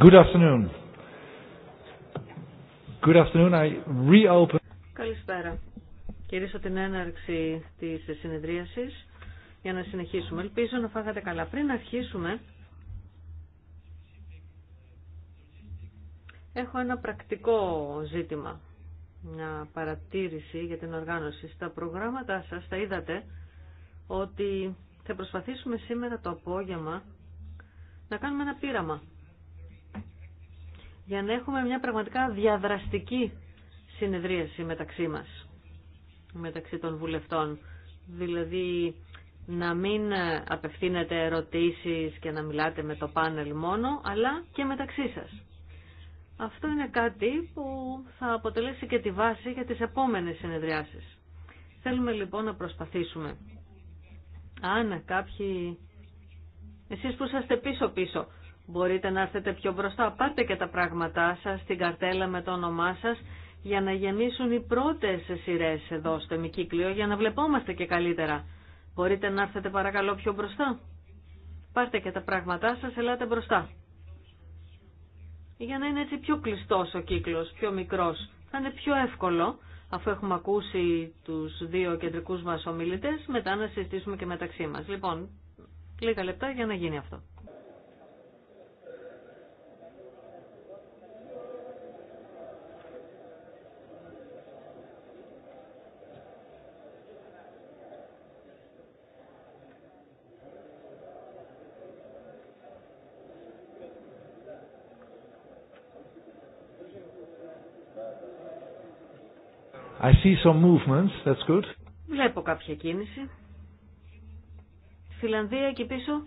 Good afternoon. Good afternoon. I reopen. Καλησπέρα. Κυρίσω την έναρξη της συνεδρίασης για να συνεχίσουμε. Ελπίζω να φάγατε καλά. Πριν αρχίσουμε, έχω ένα πρακτικό ζήτημα. Μια παρατήρηση για την οργάνωση. Στα προγράμματά σας τα είδατε ότι θα προσπαθήσουμε σήμερα το απόγευμα να κάνουμε ένα πείραμα για να έχουμε μια πραγματικά διαδραστική συνεδρίαση μεταξύ μας, μεταξύ των βουλευτών. Δηλαδή να μην απευθύνετε ερωτήσεις και να μιλάτε με το πάνελ μόνο, αλλά και μεταξύ σας. Αυτό είναι κάτι που θα αποτελέσει και τη βάση για τις επόμενες συνεδριάσεις. Θέλουμε λοιπόν να προσπαθήσουμε. Αν κάποιοι... Εσείς που είσαστε πίσω-πίσω, Μπορείτε να έρθετε πιο μπροστά. Πάρτε και τα πράγματά σας στην καρτέλα με το όνομά σας για να γεμίσουν οι πρώτες σειρέ εδώ στο εμικύκλιο για να βλεπόμαστε και καλύτερα. Μπορείτε να έρθετε παρακαλώ πιο μπροστά. Πάρτε και τα πράγματά σας, ελάτε μπροστά. Για να είναι έτσι πιο κλειστός ο κύκλος, πιο μικρός. Θα είναι πιο εύκολο, αφού έχουμε ακούσει τους δύο κεντρικούς μας ομιλητές, μετά να συζητήσουμε και μεταξύ μας. Λοιπόν, λίγα λεπτά για να γίνει αυτό. I see some movements, that's good. Βλέπω κάποια κίνηση. Φιλανδία εκεί πίσω.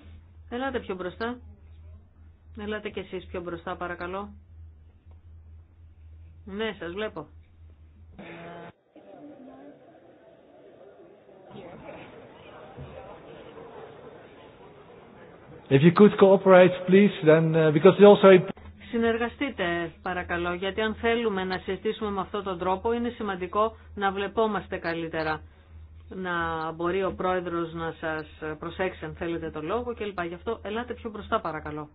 Ελάτε πιο μπροστά. Ελάτε κι εσείς πιο μπροστά παρακαλώ. Ναι, σας βλέπω. If you could cooperate, please, then, uh, because also... Συνεργαστείτε παρακαλώ, γιατί αν θέλουμε να συζητήσουμε με αυτόν τον τρόπο είναι σημαντικό να βλεπόμαστε καλύτερα. Να μπορεί ο πρόεδρος να σας προσέξει αν θέλετε το λόγο κλπ. Γι' αυτό ελάτε πιο μπροστά παρακαλώ.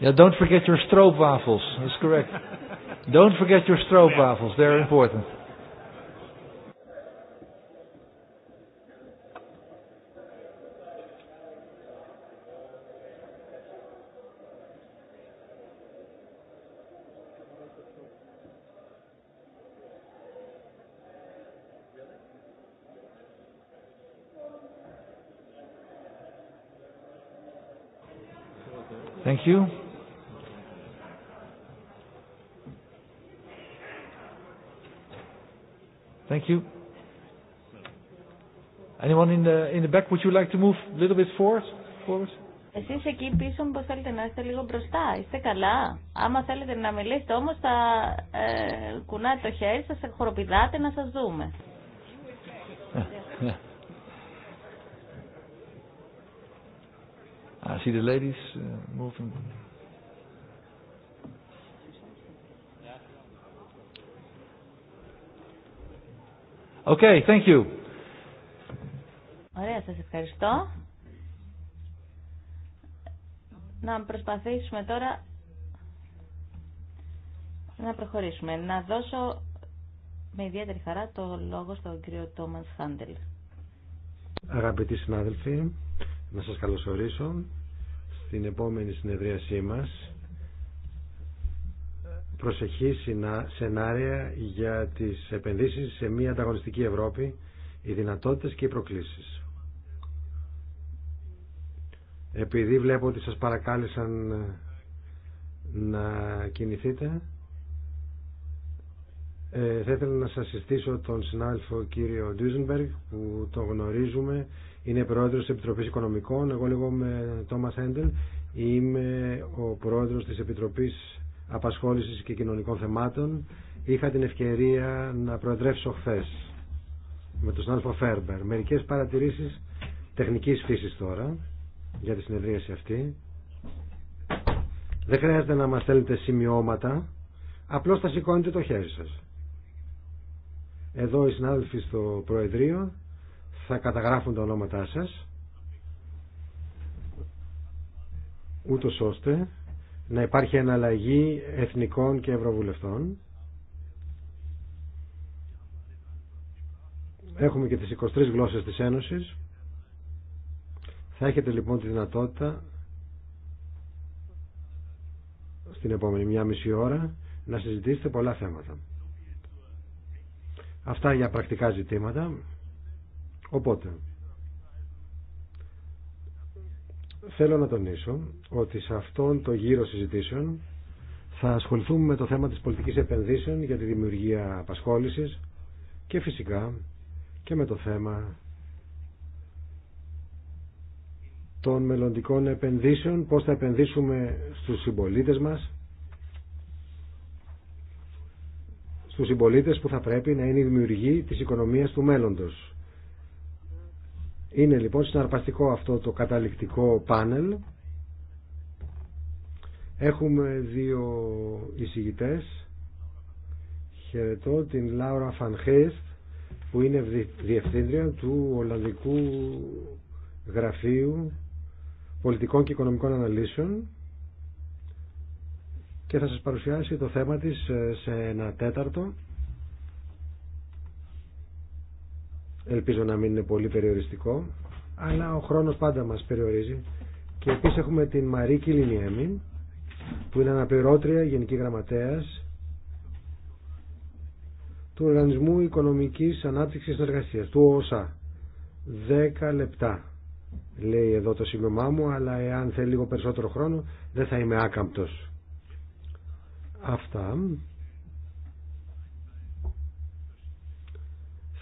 Yeah, don't forget your stroopwafels. That's correct. don't forget your stroopwafels. They're important. Thank you. back, would you like to move a little bit forward? forward? Εσείς εκεί πίσω μήπως θέλετε να είστε λίγο μπροστά, είστε καλά. Άμα θέλετε να μιλήσετε όμως θα ε, κουνάτε το χέρι σας, χοροπηδάτε να σας δούμε. I see the ladies uh, moving. Okay, thank you. Ευχαριστώ. Να προσπαθήσουμε τώρα να προχωρήσουμε. Να δώσω με ιδιαίτερη χαρά το λόγο στον κύριο Τόμας Χάντελ. Αγαπητοί συνάδελφοι, να σας καλωσορίσω στην επόμενη συνεδρίασή μας προσεχή σενάρια για τις επενδύσεις σε μια ανταγωνιστική Ευρώπη, οι δυνατότητες και οι προκλήσεις επειδή βλέπω ότι σας παρακάλεσαν ε, να κινηθείτε ε, θα ήθελα να σας συστήσω τον συνάδελφο κύριο Ντούζενμπεργκ που το γνωρίζουμε είναι πρόεδρος της Επιτροπής Οικονομικών εγώ με Τόμας Έντελ είμαι ο πρόεδρος της Επιτροπής Απασχόλησης και Κοινωνικών Θεμάτων είχα την ευκαιρία να προεδρεύσω χθε με τον συνάδελφο Φέρμπερ μερικές παρατηρήσεις τεχνικής φύσης τώρα για τη συνεδρίαση αυτή. Δεν χρειάζεται να μας στέλνετε σημειώματα, απλώς θα σηκώνετε το χέρι σας. Εδώ οι συνάδελφοι στο Προεδρείο θα καταγράφουν τα ονόματά σας, ούτως ώστε να υπάρχει εναλλαγή εθνικών και ευρωβουλευτών. Έχουμε και τις 23 γλώσσες της Ένωσης. Θα έχετε λοιπόν τη δυνατότητα στην επόμενη μια μισή ώρα να συζητήσετε πολλά θέματα. Αυτά για πρακτικά ζητήματα. Οπότε, θέλω να τονίσω ότι σε αυτόν το γύρο συζητήσεων θα ασχοληθούμε με το θέμα της πολιτικής επενδύσεων για τη δημιουργία απασχόλησης και φυσικά και με το θέμα των μελλοντικών επενδύσεων, πώς θα επενδύσουμε στους συμπολίτες μας, στους συμπολίτες που θα πρέπει να είναι οι δημιουργοί της οικονομίας του μέλλοντος. Είναι λοιπόν συναρπαστικό αυτό το καταληκτικό πάνελ. Έχουμε δύο εισηγητές. Χαιρετώ την Λάουρα Φανχέστ που είναι διευθύντρια του Ολλανδικού Γραφείου πολιτικών και οικονομικών αναλύσεων και θα σας παρουσιάσει το θέμα της ε, σε ένα τέταρτο. Ελπίζω να μην είναι πολύ περιοριστικό, αλλά ο χρόνος πάντα μας περιορίζει. Και επίσης έχουμε την Μαρή Κιλινιέμι, που είναι αναπληρώτρια γενική γραμματέας του Οργανισμού Οικονομικής Ανάπτυξης Εργασίας του ΟΣΑ. 10 λεπτά λέει εδώ το σημειωμά μου, αλλά εάν θέλει λίγο περισσότερο χρόνο δεν θα είμαι άκαμπτος. Αυτά.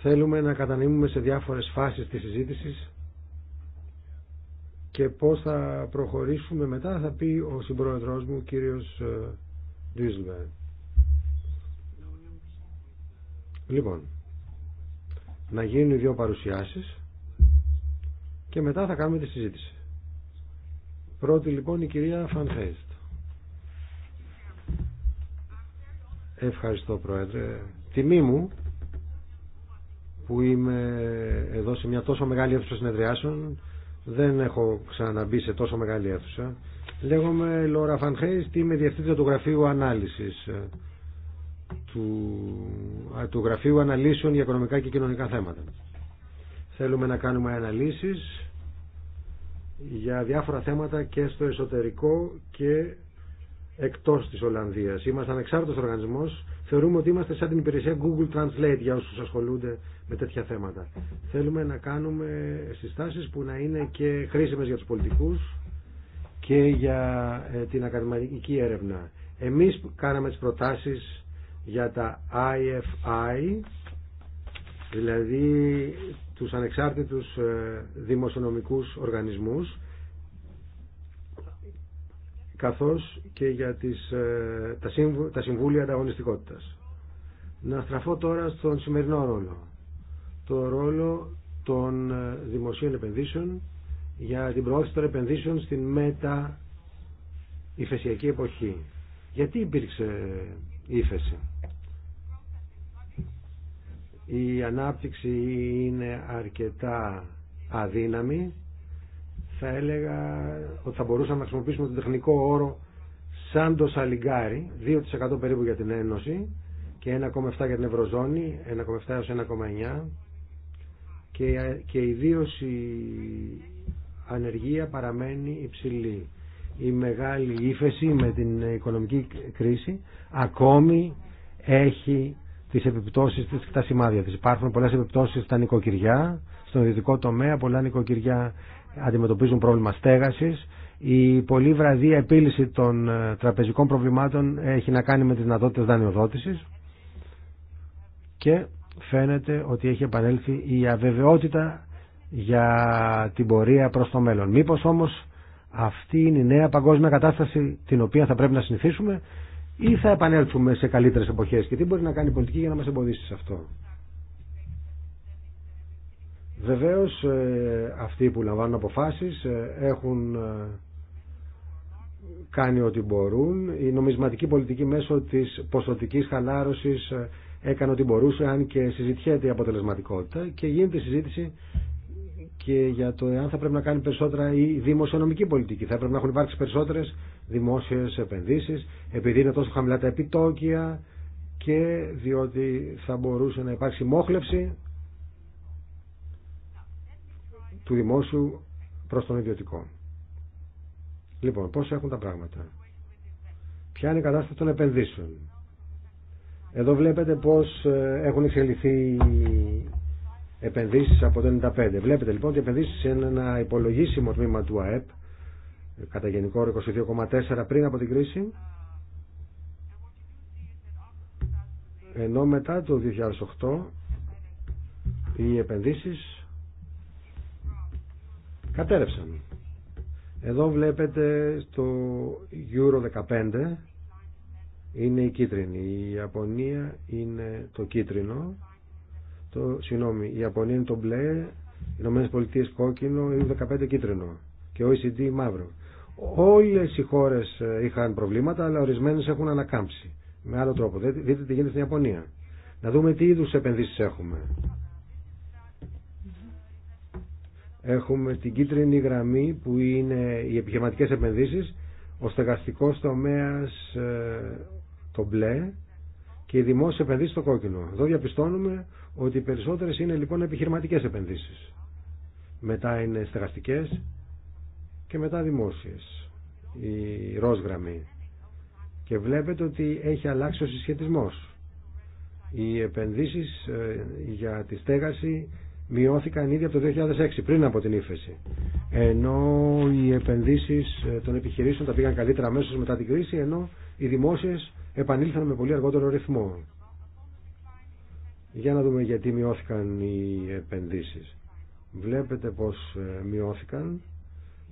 Θέλουμε να κατανείμουμε σε διάφορες φάσεις της συζήτησης και πώς θα προχωρήσουμε μετά θα πει ο συμπρόεδρος μου, κύριος Ντουίζλμπερ. Λοιπόν, να γίνουν οι δύο παρουσιάσεις και μετά θα κάνουμε τη συζήτηση. Πρώτη λοιπόν η κυρία Φανχέιστ. Ευχαριστώ Πρόεδρε. Τιμή μου που είμαι εδώ σε μια τόσο μεγάλη αίθουσα συνεδριάσεων. Δεν έχω ξαναμπεί σε τόσο μεγάλη αίθουσα. Λέγομαι Λόρα Φανχέιστ, είμαι διευθύντρια του Γραφείου Ανάλυσης ε, του, ε, του Γραφείου Αναλύσεων για Οικονομικά και Κοινωνικά Θέματα. Θέλουμε να κάνουμε αναλύσεις για διάφορα θέματα και στο εσωτερικό και εκτός της Ολλανδίας. Είμαστε ανεξάρτητος οργανισμός. Θεωρούμε ότι είμαστε σαν την υπηρεσία Google Translate για όσους ασχολούνται με τέτοια θέματα. Θέλουμε να κάνουμε συστάσεις που να είναι και χρήσιμες για τους πολιτικούς και για ε, την ακαδημαϊκή έρευνα. Εμείς κάναμε τις προτάσεις για τα IFI δηλαδή τους ανεξάρτητους ε, δημοσιονομικούς οργανισμούς καθώς και για τις, ε, τα, τα συμβούλια ανταγωνιστικότητας. Να στραφώ τώρα στον σημερινό ρόλο. Το ρόλο των ε, δημοσίων επενδύσεων για την προώθηση των επενδύσεων στην μετα υφεσιακη εποχή. Γιατί υπήρξε ύφεση η ανάπτυξη είναι αρκετά αδύναμη θα έλεγα ότι θα μπορούσαμε να χρησιμοποιήσουμε τον τεχνικό όρο σαν το σαλιγκάρι 2% περίπου για την Ένωση και 1,7 για την Ευρωζώνη 1,7 έως 1,9 και, και η ανεργία παραμένει υψηλή η μεγάλη ύφεση με την οικονομική κρίση ακόμη έχει τις επιπτώσεις τα σημάδια Υπάρχουν πολλές επιπτώσεις στα νοικοκυριά, στον ιδιωτικό τομέα, πολλά νοικοκυριά αντιμετωπίζουν πρόβλημα στέγασης. Η πολύ βραδία επίλυση των ε, τραπεζικών προβλημάτων έχει να κάνει με τις δυνατότητες δανειοδότησης και φαίνεται ότι έχει επανέλθει η αβεβαιότητα για την πορεία προς το μέλλον. Μήπως όμως αυτή είναι η νέα παγκόσμια κατάσταση την οποία θα πρέπει να συνηθίσουμε ή θα επανέλθουμε σε καλύτερε εποχές και τι μπορεί να κάνει η πολιτική για να μα εμποδίσει σε αυτό. Βεβαίω, ε, αυτοί που λαμβάνουν αποφάσεις ε, έχουν ε, κάνει ό,τι μπορούν. Η νομισματική πολιτική μέσω τη ποσοτικής χαλάρωσης έκανε ό,τι μπορούσε αν και συζητιέται η αποτελεσματικότητα και γίνεται συζήτηση και για το εάν θα πρέπει να κάνει περισσότερα η δημοσιονομική πολιτική. Θα πρέπει να έχουν υπάρξει περισσότερε δημόσιες επενδύσεις, επειδή είναι τόσο χαμηλά τα επιτόκια και διότι θα μπορούσε να υπάρξει μόχλευση του δημόσιου προς τον ιδιωτικό. Λοιπόν, πώς έχουν τα πράγματα. Ποια είναι η κατάσταση των επενδύσεων. Εδώ βλέπετε πώς ε, έχουν εξελιχθεί επενδύσεις από το 1995. Βλέπετε λοιπόν ότι επενδύσεις είναι ένα υπολογίσιμο τμήμα του ΑΕΠ κατά γενικό 22,4 πριν από την κρίση ενώ μετά το 2008 οι επενδύσεις κατέρευσαν. Εδώ βλέπετε στο Euro 15 είναι η κίτρινη. Η Ιαπωνία είναι το κίτρινο. Το, συγγνώμη, η Ιαπωνία είναι το μπλε, οι Ηνωμένες Πολιτείες κόκκινο, η 15 κίτρινο και ο ECD μαύρο. Όλες οι χώρες ε, είχαν προβλήματα, αλλά ορισμένες έχουν ανακάμψει. Με άλλο τρόπο. Δείτε τι γίνεται στην Ιαπωνία. Να δούμε τι είδους επενδύσεις έχουμε. Έχουμε την κίτρινη γραμμή που είναι οι επιχειρηματικές επενδύσεις, ο στεγαστικός τομέας ε, το μπλε και οι δημόσιες επενδύσεις το κόκκινο. Εδώ διαπιστώνουμε ότι οι περισσότερες είναι λοιπόν επιχειρηματικές επενδύσεις. Μετά είναι στεγαστικές και μετά δημόσιες η ροζ γραμμή και βλέπετε ότι έχει αλλάξει ο συσχετισμός οι επενδύσεις ε, για τη στέγαση μειώθηκαν ήδη από το 2006 πριν από την ύφεση ενώ οι επενδύσεις ε, των επιχειρήσεων τα πήγαν καλύτερα αμέσως μετά την κρίση ενώ οι δημόσιες επανήλθαν με πολύ αργότερο ρυθμό για να δούμε γιατί μειώθηκαν οι επενδύσεις βλέπετε πως ε, μειώθηκαν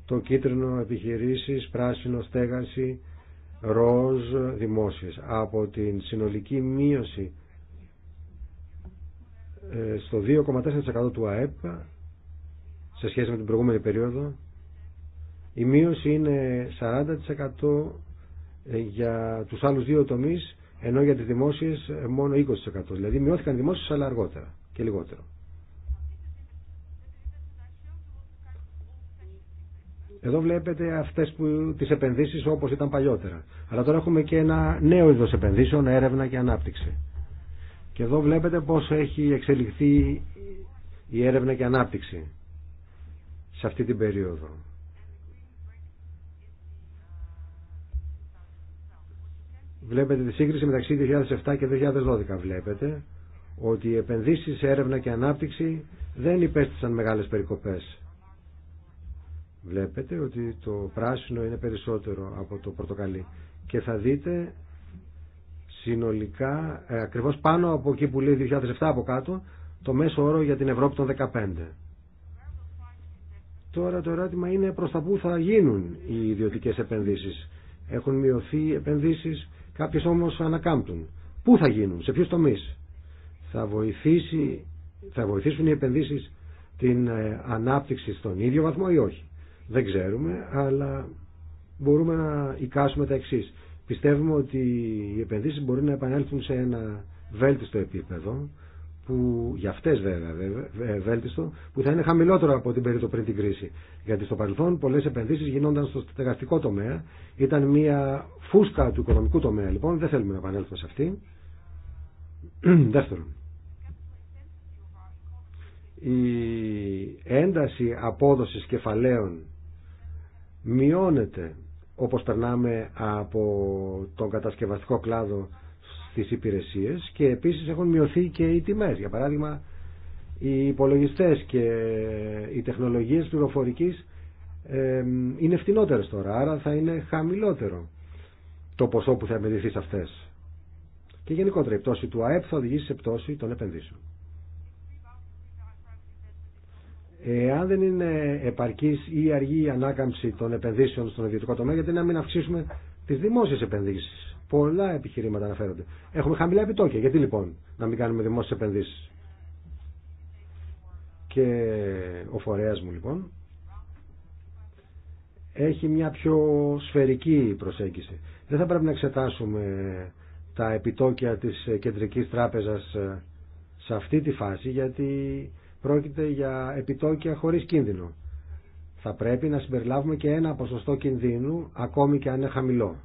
το κίτρινο επιχειρήσεις, πράσινο στέγαση, ροζ δημόσιες. Από την συνολική μείωση ε, στο 2,4% του ΑΕΠ σε σχέση με την προηγούμενη περίοδο η μείωση είναι 40% ε, για τους άλλους δύο τομείς ενώ για τις δημόσιες μόνο 20%. Δηλαδή μειώθηκαν οι δημόσιες αλλά αργότερα και λιγότερο. Εδώ βλέπετε αυτές τι τις επενδύσεις όπως ήταν παλιότερα. Αλλά τώρα έχουμε και ένα νέο είδος επενδύσεων, έρευνα και ανάπτυξη. Και εδώ βλέπετε πώ έχει εξελιχθεί η έρευνα και ανάπτυξη σε αυτή την περίοδο. Βλέπετε τη σύγκριση μεταξύ 2007 και 2012. Βλέπετε ότι οι επενδύσεις σε έρευνα και ανάπτυξη δεν υπέστησαν μεγάλες περικοπές. Βλέπετε ότι το πράσινο είναι περισσότερο από το πορτοκαλί. Και θα δείτε συνολικά, ε, ακριβώς πάνω από εκεί που λέει 2007 από κάτω, το μέσο όρο για την Ευρώπη των 15. Τώρα το ερώτημα είναι προς τα πού θα γίνουν οι ιδιωτικές επενδύσεις. Έχουν μειωθεί οι επενδύσεις, κάποιες όμως ανακάμπτουν. Πού θα γίνουν, σε ποιους τομείς. Θα, βοηθήσει, θα βοηθήσουν οι επενδύσεις την ε, ανάπτυξη στον ίδιο βαθμό ή όχι δεν ξέρουμε, αλλά μπορούμε να εικάσουμε τα εξή. Πιστεύουμε ότι οι επενδύσει μπορεί να επανέλθουν σε ένα βέλτιστο επίπεδο, που για αυτές βέβαια, ε, βέλτιστο, που θα είναι χαμηλότερο από την περίοδο πριν την κρίση. Γιατί στο παρελθόν πολλές επενδύσεις γινόταν στο στεγαστικό τομέα, ήταν μια φούσκα του οικονομικού τομέα λοιπόν, δεν θέλουμε να επανέλθουμε σε αυτή. Δεύτερον, η ένταση απόδοσης κεφαλαίων μειώνεται όπως περνάμε από τον κατασκευαστικό κλάδο στις υπηρεσίες και επίσης έχουν μειωθεί και οι τιμές. Για παράδειγμα, οι υπολογιστές και οι τεχνολογίες πληροφορικής είναι φτηνότερες τώρα, άρα θα είναι χαμηλότερο το ποσό που θα επενδυθεί σε αυτές. Και γενικότερα η πτώση του ΑΕΠ θα οδηγήσει σε πτώση των επενδύσεων. Εάν δεν είναι επαρκή ή αργή η ανάκαμψη των επενδύσεων στον ιδιωτικό τομέα, γιατί να μην αυξήσουμε τι δημόσιε επενδύσει. Πολλά επιχειρήματα αναφέρονται. Έχουμε χαμηλά επιτόκια. Γιατί λοιπόν να μην κάνουμε δημόσιε επενδύσει. Και ο φορέα μου λοιπόν έχει μια πιο σφαιρική προσέγγιση. Δεν θα πρέπει να εξετάσουμε τα επιτόκια της Κεντρικής Τράπεζας ε, σε αυτή τη φάση γιατί πρόκειται για επιτόκια χωρίς κίνδυνο. Θα πρέπει να συμπεριλάβουμε και ένα ποσοστό κινδύνου, ακόμη και αν είναι χαμηλό.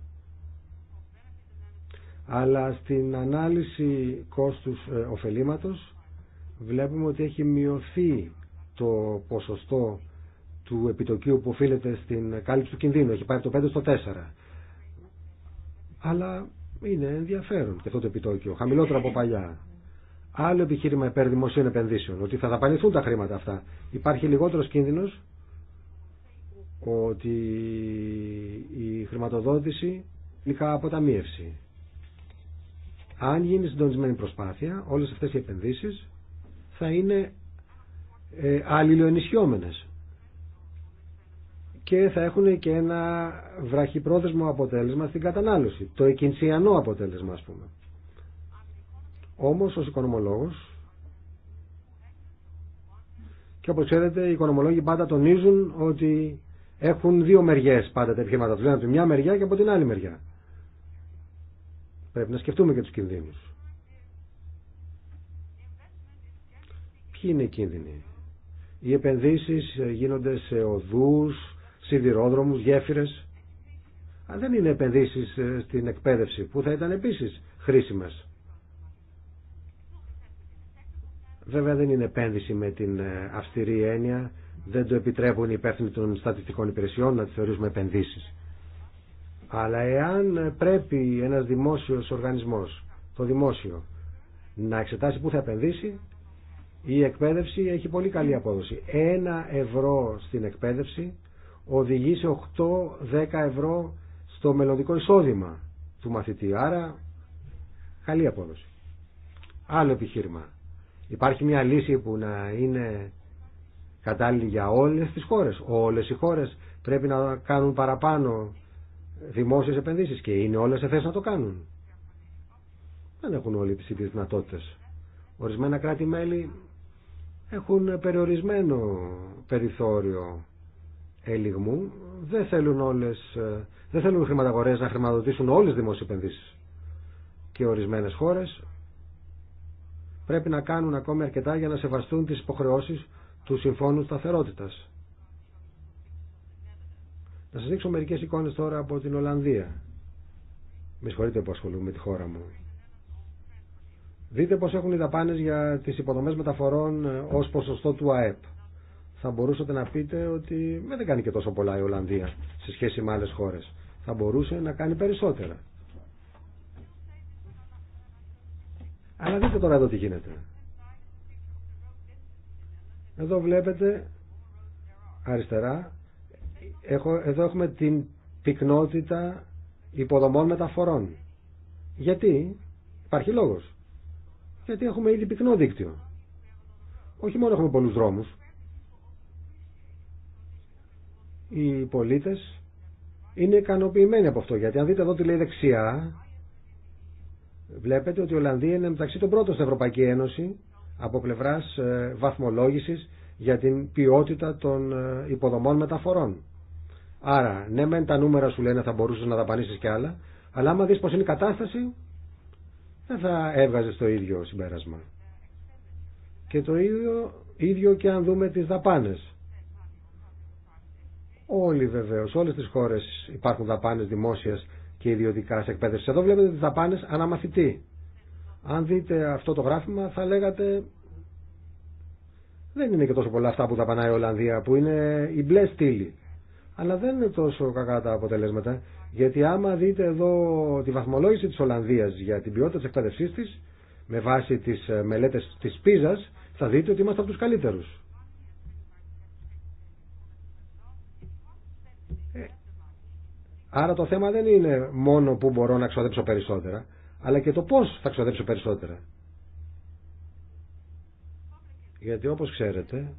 Αλλά στην ανάλυση κόστους ε, ωφελήματος βλέπουμε ότι έχει μειωθεί το ποσοστό του επιτοκίου που οφείλεται στην κάλυψη του κινδύνου. Έχει πάει από το 5 στο 4. Αλλά είναι ενδιαφέρον και αυτό το επιτόκιο. Χαμηλότερο από παλιά. Άλλο επιχείρημα υπέρ δημοσίων επενδύσεων, ότι θα δαπανηθούν τα χρήματα αυτά. Υπάρχει λιγότερος κίνδυνος ότι η χρηματοδότηση λίγα αποταμίευση. Αν γίνει συντονισμένη προσπάθεια, όλες αυτές οι επενδύσεις θα είναι ε, και θα έχουν και ένα βραχυπρόθεσμο αποτέλεσμα στην κατανάλωση, το εκκινσιανό αποτέλεσμα ας πούμε. Όμως ως οικονομολόγος και όπως ξέρετε οι οικονομολόγοι πάντα τονίζουν ότι έχουν δύο μεριές πάντα τα επιχειρήματα τους. Λένε από τη μια μεριά και από την άλλη μεριά. Πρέπει να σκεφτούμε και τους κινδύνους. Ποιοι είναι οι κίνδυνοι. Οι επενδύσεις γίνονται σε οδούς, σιδηρόδρομους, γέφυρες. Αν δεν είναι επενδύσεις ε, στην εκπαίδευση που θα ήταν επίσης χρήσιμες. Βέβαια δεν είναι επένδυση με την ε, αυστηρή έννοια, δεν το επιτρέπουν οι υπεύθυνοι των στατιστικών υπηρεσιών να τη θεωρήσουμε επενδύσεις. Αλλά εάν πρέπει ένας δημόσιος οργανισμός, το δημόσιο, να εξετάσει πού θα επενδύσει, η εκπαίδευση έχει πολύ καλή απόδοση. Ένα ευρώ στην εκπαίδευση οδηγεί σε 8-10 ευρώ στο μελλοντικό εισόδημα του μαθητή. Άρα, καλή απόδοση. Άλλο επιχείρημα. Υπάρχει μια λύση που να είναι κατάλληλη για όλες τις χώρες. Όλες οι χώρες πρέπει να κάνουν παραπάνω δημόσιες επενδύσεις και είναι όλες σε να το κάνουν. Δεν έχουν όλοι τις ίδιες δυνατότητες. Ορισμένα κράτη-μέλη έχουν περιορισμένο περιθώριο ελιγμού. Δεν θέλουν, όλες, ε, δεν θέλουν χρηματαγορές να χρηματοδοτήσουν όλες τις δημόσιες επενδύσεις. Και ορισμένες χώρες πρέπει να κάνουν ακόμη αρκετά για να σεβαστούν τις υποχρεώσεις του Συμφώνου Σταθερότητας. Να σας δείξω μερικές εικόνες τώρα από την Ολλανδία. Με συγχωρείτε που ασχολούμαι με τη χώρα μου. Δείτε πώς έχουν οι δαπάνες για τις υποδομές μεταφορών ε, ως ποσοστό του ΑΕΠ. Θα μπορούσατε να πείτε ότι δεν κάνει και τόσο πολλά η Ολλανδία σε σχέση με άλλες χώρες. Θα μπορούσε να κάνει περισσότερα. Αλλά δείτε τώρα εδώ τι γίνεται. Εδώ βλέπετε αριστερά έχω, εδώ έχουμε την πυκνότητα υποδομών μεταφορών. Γιατί υπάρχει λόγος. Γιατί έχουμε ήδη πυκνό δίκτυο. Όχι μόνο έχουμε πολλούς δρόμους. Οι πολίτες είναι ικανοποιημένοι από αυτό. Γιατί αν δείτε εδώ τι λέει δεξιά Βλέπετε ότι η Ολλανδία είναι μεταξύ των πρώτων στην Ευρωπαϊκή Ένωση από πλευρά ε, βαθμολόγηση για την ποιότητα των ε, υποδομών μεταφορών. Άρα, ναι μεν τα νούμερα σου λένε θα μπορούσε να δαπανίσει κι άλλα, αλλά άμα δει πώ είναι η κατάσταση, δεν θα έβγαζε το ίδιο συμπέρασμα. Και το ίδιο, ίδιο και αν δούμε τις δαπάνες. Όλοι βεβαίως, όλες τις χώρες υπάρχουν δαπάνες δημόσιας και ιδιωτικά σε εκπαίδευση. Εδώ βλέπετε τι δαπάνε αναμαθητή. Αν δείτε αυτό το γράφημα θα λέγατε δεν είναι και τόσο πολλά αυτά που δαπανάει η Ολλανδία που είναι η μπλε στήλη. Αλλά δεν είναι τόσο κακά τα αποτελέσματα γιατί άμα δείτε εδώ τη βαθμολόγηση της Ολλανδίας για την ποιότητα τη εκπαίδευσή τη με βάση τι ε, μελέτε τη πίζα, θα δείτε ότι είμαστε από του καλύτερους. Άρα το θέμα δεν είναι μόνο που μπορώ να ξοδέψω περισσότερα, αλλά και το πώς θα ξοδέψω περισσότερα. Γιατί όπως ξέρετε,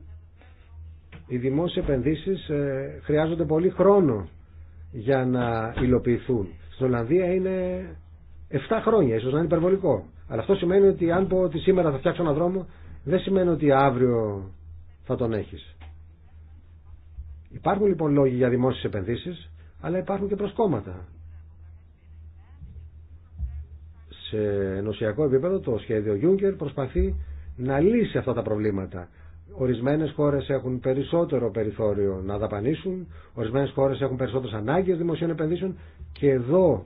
οι δημόσιες επενδύσεις ε, χρειάζονται πολύ χρόνο για να υλοποιηθούν. Στην Ολλανδία είναι 7 χρόνια, ίσως να είναι υπερβολικό. Αλλά αυτό σημαίνει ότι αν πω ότι σήμερα θα φτιάξω έναν δρόμο, δεν σημαίνει ότι αύριο θα τον έχεις. Υπάρχουν λοιπόν λόγοι για δημόσιες επενδύσεις αλλά υπάρχουν και προσκόμματα. Σε ενωσιακό επίπεδο το σχέδιο Juncker προσπαθεί να λύσει αυτά τα προβλήματα. Ορισμένες χώρες έχουν περισσότερο περιθώριο να δαπανίσουν, ορισμένες χώρες έχουν περισσότερες ανάγκες δημοσίων επενδύσεων και εδώ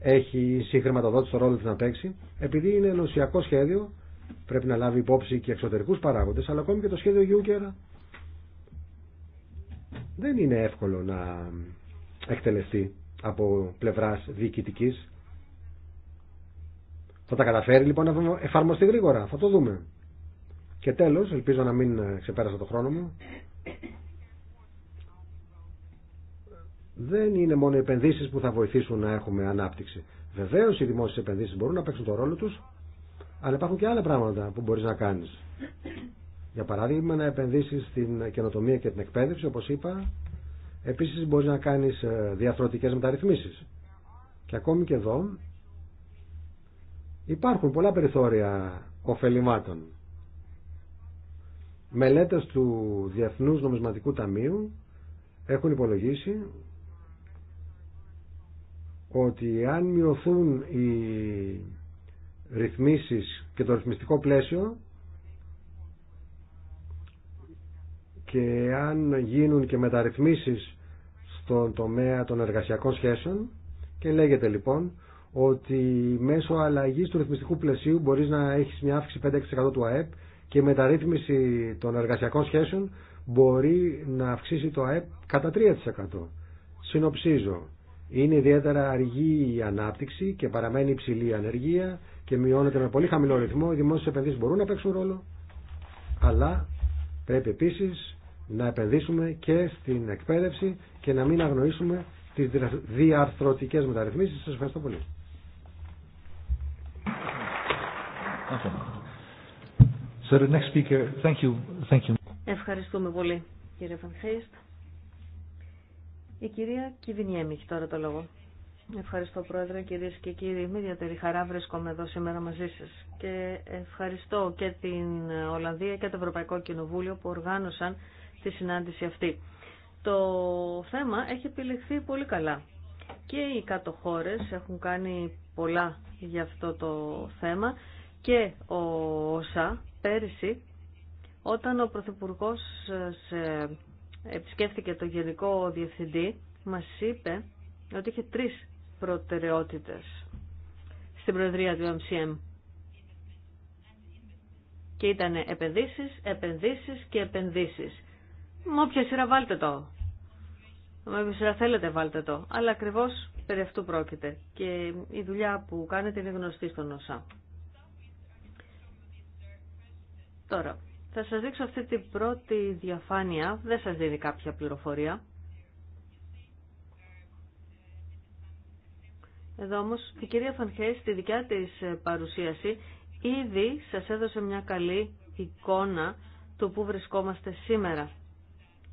έχει η συγχρηματοδότηση το ρόλο της να παίξει. Επειδή είναι ενωσιακό σχέδιο, πρέπει να λάβει υπόψη και εξωτερικούς παράγοντες, αλλά ακόμη και το σχέδιο Juncker δεν είναι εύκολο να εκτελεστεί από πλευράς διοικητικής. Θα τα καταφέρει λοιπόν να εφαρμοστεί γρήγορα. Θα το δούμε. Και τέλος, ελπίζω να μην ε, ξεπέρασα το χρόνο μου. Δεν είναι μόνο οι επενδύσεις που θα βοηθήσουν να έχουμε ανάπτυξη. Βεβαίως οι δημόσιες επενδύσεις μπορούν να παίξουν το ρόλο τους, αλλά υπάρχουν και άλλα πράγματα που μπορείς να κάνεις. Για παράδειγμα, να επενδύσεις στην καινοτομία και την εκπαίδευση, όπως είπα, Επίσης μπορεί να κάνεις ε, διαθροτικές μεταρρυθμίσεις. Και ακόμη και εδώ υπάρχουν πολλά περιθώρια ωφελημάτων. Μελέτες του Διεθνούς Νομισματικού Ταμείου έχουν υπολογίσει ότι αν μειωθούν οι ρυθμίσεις και το ρυθμιστικό πλαίσιο και αν γίνουν και μεταρρυθμίσεις στον τομέα των εργασιακών σχέσεων και λέγεται λοιπόν ότι μέσω αλλαγή του ρυθμιστικού πλαισίου μπορείς να έχεις μια αύξηση 5-6% του ΑΕΠ και η μεταρρύθμιση των εργασιακών σχέσεων μπορεί να αυξήσει το ΑΕΠ κατά 3%. Συνοψίζω, είναι ιδιαίτερα αργή η ανάπτυξη και παραμένει υψηλή η ανεργία και μειώνεται με πολύ χαμηλό ρυθμό. Οι δημόσιε επενδύσει μπορούν να παίξουν ρόλο, αλλά πρέπει επίση να επενδύσουμε και στην εκπαίδευση και να μην αγνοήσουμε τις διαρθρωτικές μεταρρυθμίσεις. Σας ευχαριστώ πολύ. Ευχαριστούμε πολύ κύριε Φανχέιστ. Η κυρία Κιβινιέμι έχει τώρα το λόγο. Ευχαριστώ Πρόεδρε, κυρίε και κύριοι. Με ιδιαίτερη χαρά βρίσκομαι εδώ σήμερα μαζί σα. Και ευχαριστώ και την Ολλανδία και το Ευρωπαϊκό Κοινοβούλιο που οργάνωσαν στη συνάντηση αυτή. Το θέμα έχει επιλεχθεί πολύ καλά και οι κάτω χώρες έχουν κάνει πολλά για αυτό το θέμα και ο ΩΣΑ πέρυσι όταν ο Πρωθυπουργό ε, επισκέφθηκε το Γενικό Διευθυντή μας είπε ότι είχε τρεις προτεραιότητες στην Προεδρία του MCM και ήταν επενδύσεις, επενδύσεις και επενδύσεις. Με όποια σειρά βάλτε το. Με όποια σειρά θέλετε βάλτε το. Αλλά ακριβώ περί αυτού πρόκειται. Και η δουλειά που κάνετε είναι γνωστή στον ΩΣΑ. Τώρα, θα σας δείξω αυτή την πρώτη διαφάνεια. Δεν σας δίνει κάποια πληροφορία. Εδώ όμως η κυρία Φανχέ στη δικιά της παρουσίαση ήδη σας έδωσε μια καλή εικόνα του που βρισκόμαστε σήμερα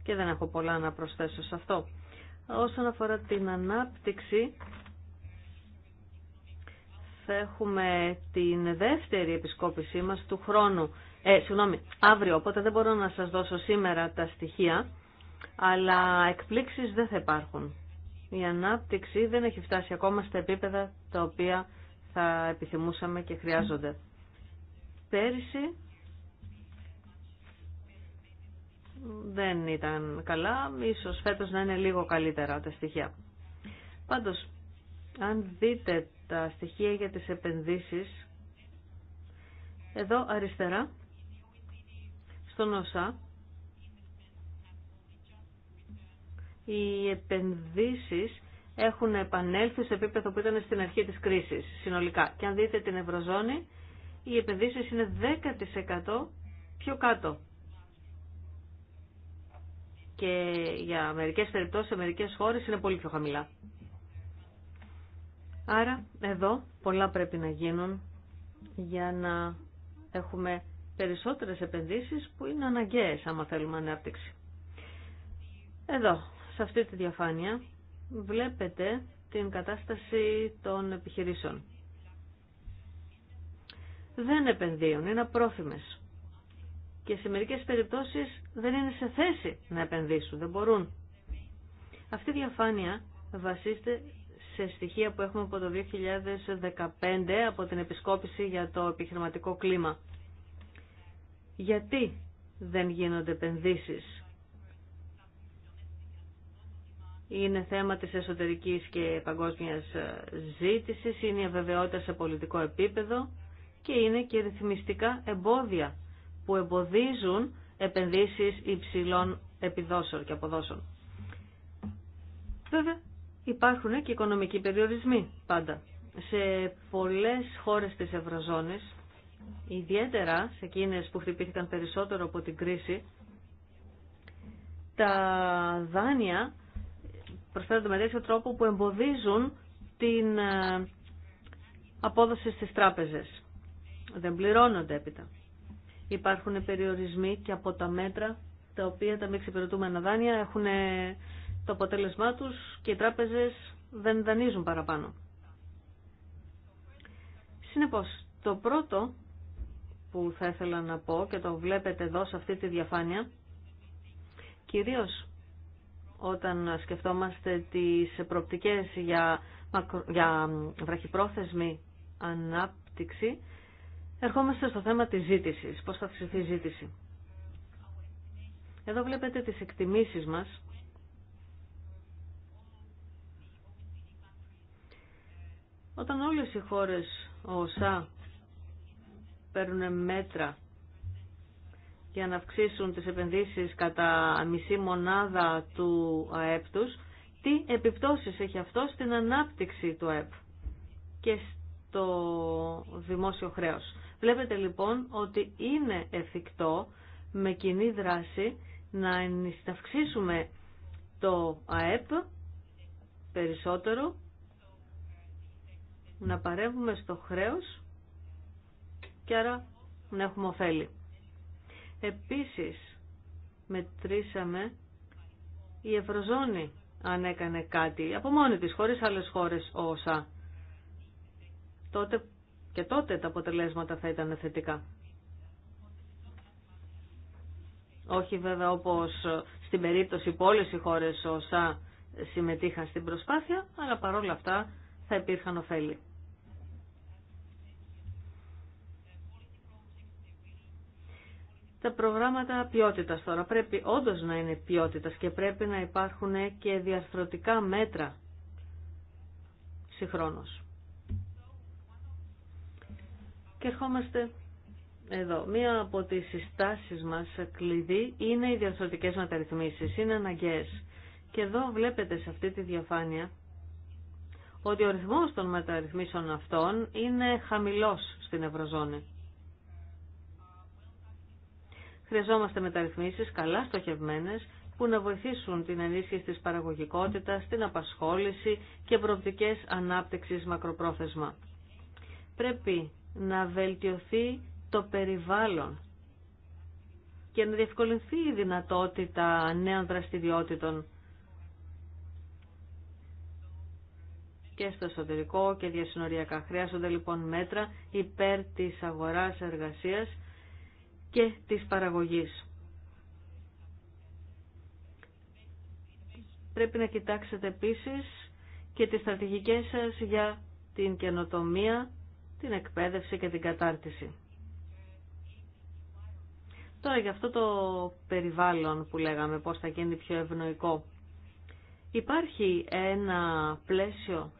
και δεν έχω πολλά να προσθέσω σε αυτό. Όσον αφορά την ανάπτυξη, θα έχουμε την δεύτερη επισκόπησή μας του χρόνου. Ε, συγγνώμη, αύριο, οπότε δεν μπορώ να σας δώσω σήμερα τα στοιχεία, αλλά εκπλήξεις δεν θα υπάρχουν. Η ανάπτυξη δεν έχει φτάσει ακόμα στα επίπεδα τα οποία θα επιθυμούσαμε και χρειάζονται. Πέρυσι δεν ήταν καλά, ίσως φέτος να είναι λίγο καλύτερα τα στοιχεία. Πάντως, αν δείτε τα στοιχεία για τις επενδύσεις, εδώ αριστερά, στον ΩΣΑ, οι επενδύσεις έχουν επανέλθει σε επίπεδο που ήταν στην αρχή της κρίσης, συνολικά. Και αν δείτε την Ευρωζώνη, οι επενδύσεις είναι 10% πιο κάτω και για μερικές περιπτώσεις σε μερικές χώρες είναι πολύ πιο χαμηλά. Άρα εδώ πολλά πρέπει να γίνουν για να έχουμε περισσότερες επενδύσεις που είναι αναγκαίες άμα θέλουμε ανάπτυξη. Εδώ, σε αυτή τη διαφάνεια, βλέπετε την κατάσταση των επιχειρήσεων. Δεν επενδύουν, είναι απρόθυμες και σε μερικές περιπτώσεις δεν είναι σε θέση να επενδύσουν, δεν μπορούν. Αυτή η διαφάνεια βασίζεται σε στοιχεία που έχουμε από το 2015 από την επισκόπηση για το επιχειρηματικό κλίμα. Γιατί δεν γίνονται επενδύσεις. Είναι θέμα της εσωτερικής και παγκόσμιας ζήτησης, είναι η αβεβαιότητα σε πολιτικό επίπεδο και είναι και ρυθμιστικά εμπόδια που εμποδίζουν επενδύσεις υψηλών επιδόσεων και αποδόσεων. Βέβαια, υπάρχουν και οικονομικοί περιορισμοί πάντα. Σε πολλές χώρες της Ευρωζώνης, ιδιαίτερα σε εκείνες που χτυπήθηκαν περισσότερο από την κρίση, τα δάνεια προσφέρονται με τέτοιο τρόπο που εμποδίζουν την ε, απόδοση στις τράπεζες. Δεν πληρώνονται έπειτα υπάρχουν περιορισμοί και από τα μέτρα τα οποία τα μη εξυπηρετούμενα δάνεια έχουν ε, το αποτέλεσμά τους και οι τράπεζες δεν δανείζουν παραπάνω. Συνεπώς, το πρώτο που θα ήθελα να πω και το βλέπετε εδώ σε αυτή τη διαφάνεια, κυρίως όταν σκεφτόμαστε τις προπτικές για, για βραχυπρόθεσμη ανάπτυξη, Ερχόμαστε στο θέμα της ζήτησης, πώς θα αυξηθεί η ζήτηση. Εδώ βλέπετε τις εκτιμήσεις μας. Όταν όλες οι χώρες ΟΣΑ παίρνουν μέτρα για να αυξήσουν τις επενδύσεις κατά μισή μονάδα του ΑΕΠ τους, τι επιπτώσεις έχει αυτό στην ανάπτυξη του ΑΕΠ και το δημόσιο χρέος. Βλέπετε λοιπόν ότι είναι εφικτό με κοινή δράση να αυξήσουμε το ΑΕΠ περισσότερο, να παρεύουμε στο χρέος και άρα να έχουμε ωφέλη. Επίσης μετρήσαμε η Ευρωζώνη αν έκανε κάτι από μόνη της, χωρίς άλλες χώρες όσα τότε και τότε τα αποτελέσματα θα ήταν θετικά. Όχι βέβαια όπως στην περίπτωση που όλες οι χώρες όσα συμμετείχαν στην προσπάθεια, αλλά παρόλα αυτά θα υπήρχαν ωφέλη. Τα προγράμματα ποιότητας τώρα πρέπει όντως να είναι ποιότητας και πρέπει να υπάρχουν και διαρθρωτικά μέτρα συγχρόνως. Και ερχόμαστε εδώ. Μία από τις συστάσεις μας κλειδί είναι οι διαρθρωτικές μεταρρυθμίσει. Είναι αναγκαίες. Και εδώ βλέπετε σε αυτή τη διαφάνεια ότι ο ρυθμός των μεταρρυθμίσεων αυτών είναι χαμηλός στην Ευρωζώνη. Χρειαζόμαστε μεταρρυθμίσεις καλά στοχευμένες που να βοηθήσουν την ενίσχυση της παραγωγικότητας, την απασχόληση και προοπτικές ανάπτυξης μακροπρόθεσμα. Πρέπει να βελτιωθεί το περιβάλλον και να διευκολυνθεί η δυνατότητα νέων δραστηριότητων και στο εσωτερικό και διασυνοριακά. Χρειάζονται λοιπόν μέτρα υπέρ της αγοράς εργασίας και της παραγωγής. Πρέπει να κοιτάξετε επίσης και τις στρατηγικές σας για την καινοτομία την εκπαίδευση και την κατάρτιση. Τώρα για αυτό το περιβάλλον που λέγαμε, πώς θα γίνει πιο ευνοϊκό. Υπάρχει ένα πλαίσιο